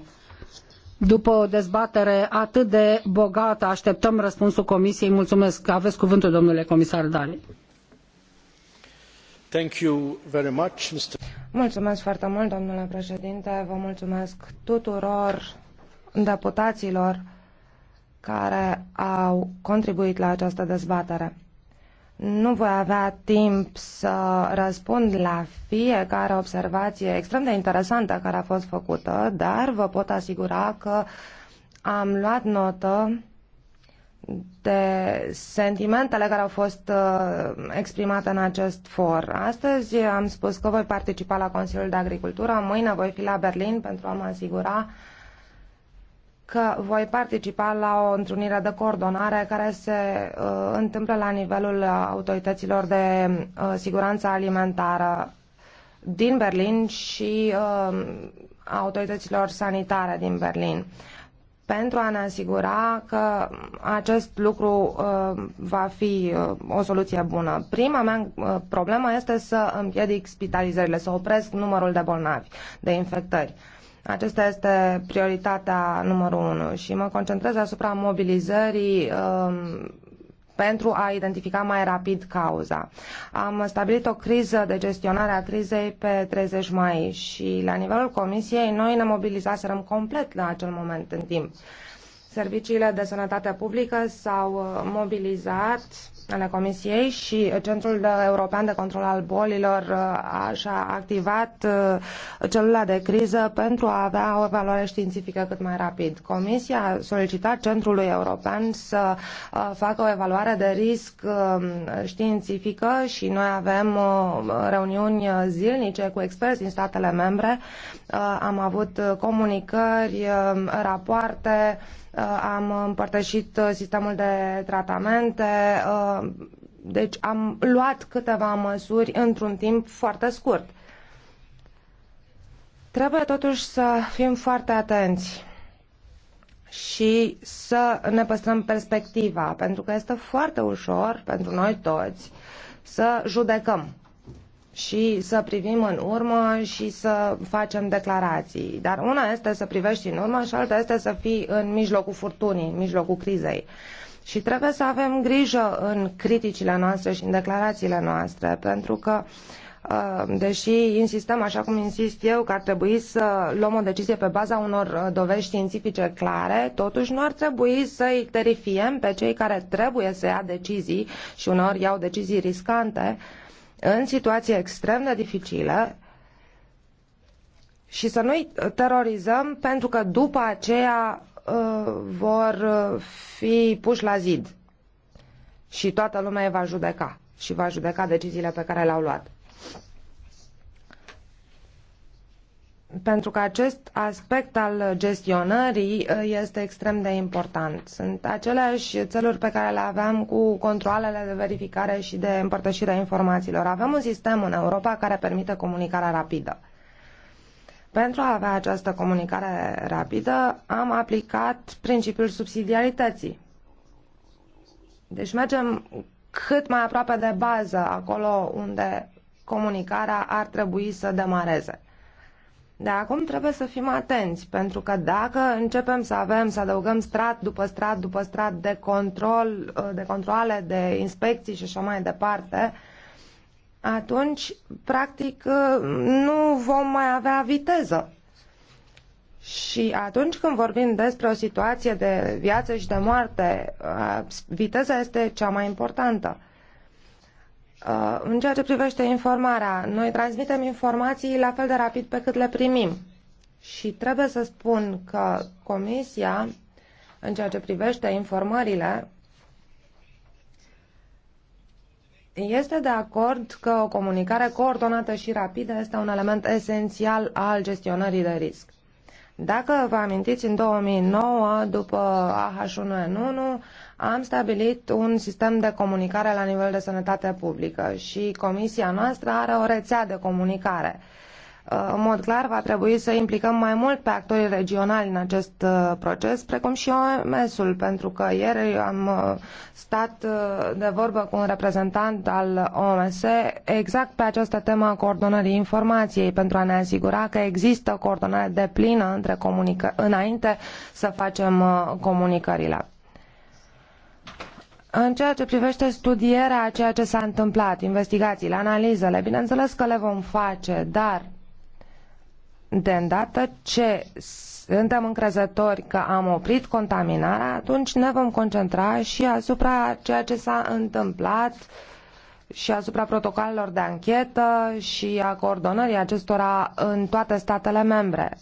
După o dezbatere atât de bogată, așteptăm răspunsul Comisiei. Mulțumesc. Aveți cuvântul, domnule comisar Dali. Mulțumesc foarte mult, domnule președinte. Vă mulțumesc tuturor deputaților care au contribuit la această dezbatere. Nu voi avea timp să răspund la fiecare observație extrem de interesantă care a fost făcută, dar vă pot asigura că am luat notă de sentimentele care au fost uh, exprimate în acest for. Astăzi am spus că voi participa la Consiliul de Agricultură, mâine voi fi la Berlin pentru a mă asigura că voi participa la o întrunire de coordonare care se uh, întâmplă la nivelul autorităților de uh, siguranță alimentară din Berlin și uh, autorităților sanitare din Berlin. Uh, pentru a ne asigura că acest lucru uh, va fi uh, o soluție bună. Prima mea uh, problemă este să împiedic spitalizările, să opresc numărul de bolnavi, de infectări. Acesta este prioritatea numărul unu și mă concentrez asupra mobilizării uh, pentru a identifica mai rapid cauza. Am stabilit o criză de gestionare a crizei pe 30 mai și la nivelul comisiei noi ne mobilizaserăm complet la acel moment în timp. Serviciile de sănătate publică s-au uh, mobilizat ale Comisiei și Centrul European de Control al Bolilor uh, și-a activat uh, celula de criză pentru a avea o valoare științifică cât mai rapid. Comisia a solicitat Centrului European să uh, facă o evaluare de risc științifică și noi avem reuniuni zilnice cu experți din statele membre. Am avut comunicări, rapoarte, Uh, am împărtășit uh, sistemul de tratamente, uh, deci am luat câteva măsuri într-un timp foarte scurt. Trebuie totuși să fim foarte atenți și să ne păstrăm perspectiva, pentru că este foarte ușor pentru noi toți să judecăm și să privim în urmă și să facem declarații. Dar una este să privești în urmă și alta este să fii în mijlocul furtunii, în mijlocul crizei. Și trebuie să avem grijă în criticile noastre și în declarațiile noastre, pentru că ă, deși insistăm, așa cum insist eu, că ar trebui să luăm o decizie pe baza unor ă, dovești științifice clare, totuși nu ar trebui să-i terifiem pe cei care trebuie să ia decizii și uneori iau decizii riscante, în situație extrem de dificile și să nu-i terorizăm pentru că după aceea uh, vor uh, fi puși la zid și toată lumea îi va judeca și va judeca deciziile pe care le-au luat. pentru că acest aspect al gestionării uh, este extrem de important. Sunt aceleași țeluri pe care le aveam cu controlele de verificare și de împărtășire a informațiilor. Avem un sistem în Europa care permite comunicarea rapidă. Pentru a avea această comunicare rapidă, am aplicat principiul subsidiarității. Deci mergem cât mai aproape de bază, acolo unde comunicarea ar trebui să demareze. De acum trebuie să fim atenți, pentru că dacă începem să avem, să adăugăm strat după strat după strat de control, de controle, de inspecții și așa mai departe, atunci, practic, nu vom mai avea viteză. Și atunci când vorbim despre o situație de viață și de moarte, viteza este cea mai importantă. Uh, în ceea ce privește informarea, noi transmitem informații la fel de rapid pe cât le primim. Și trebuie să spun că Comisia, în ceea ce privește informările, este de acord că o comunicare coordonată și rapidă este un element esențial al gestionării de risc. Dacă vă amintiți, în 2009, după AH1N1, am stabilit un sistem de comunicare la nivel de sănătate publică și comisia noastră are o rețea de comunicare. Uh, în mod clar, va trebui să implicăm mai mult pe actorii regionali în acest uh, proces, precum și OMS-ul, pentru că ieri am uh, stat de vorbă cu un reprezentant al OMS exact pe această temă a coordonării informației, pentru a ne asigura că există coordonare deplină între înainte să facem comunicările. În ceea ce privește studierea a ceea ce s-a întâmplat, investigațiile, analizele, bineînțeles că le vom face, dar de îndată ce suntem încrezători că am oprit contaminarea, atunci ne vom concentra și asupra ceea ce s-a întâmplat și asupra protocolelor de anchetă și a coordonării acestora în toate statele membre.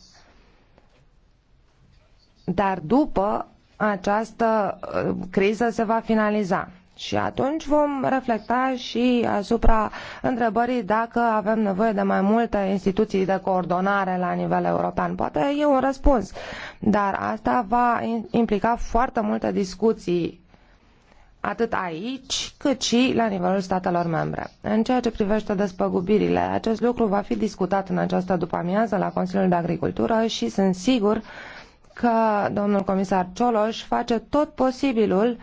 Dar după această uh, criză se va finaliza. Și atunci vom reflecta și asupra întrebării dacă avem nevoie de mai multe instituții de coordonare la nivel european. Poate e un răspuns, dar asta va implica foarte multe discuții atât aici, cât și la nivelul statelor membre. În ceea ce privește despăgubirile, acest lucru va fi discutat în această după-amiază la Consiliul de Agricultură și sunt sigur că domnul comisar Cioloș face tot posibilul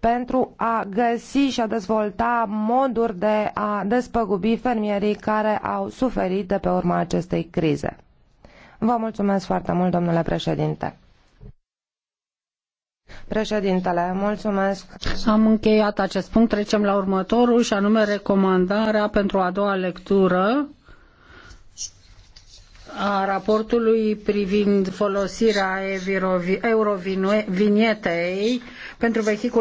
pentru a găsi și a dezvolta moduri de a despăgubi fermierii care au suferit de pe urma acestei crize. Vă mulțumesc foarte mult, domnule președinte. Președintele, mulțumesc. Am încheiat acest punct. Trecem la următorul și anume recomandarea pentru a doua lectură a raportului privind folosirea eurovinietei pentru vehicule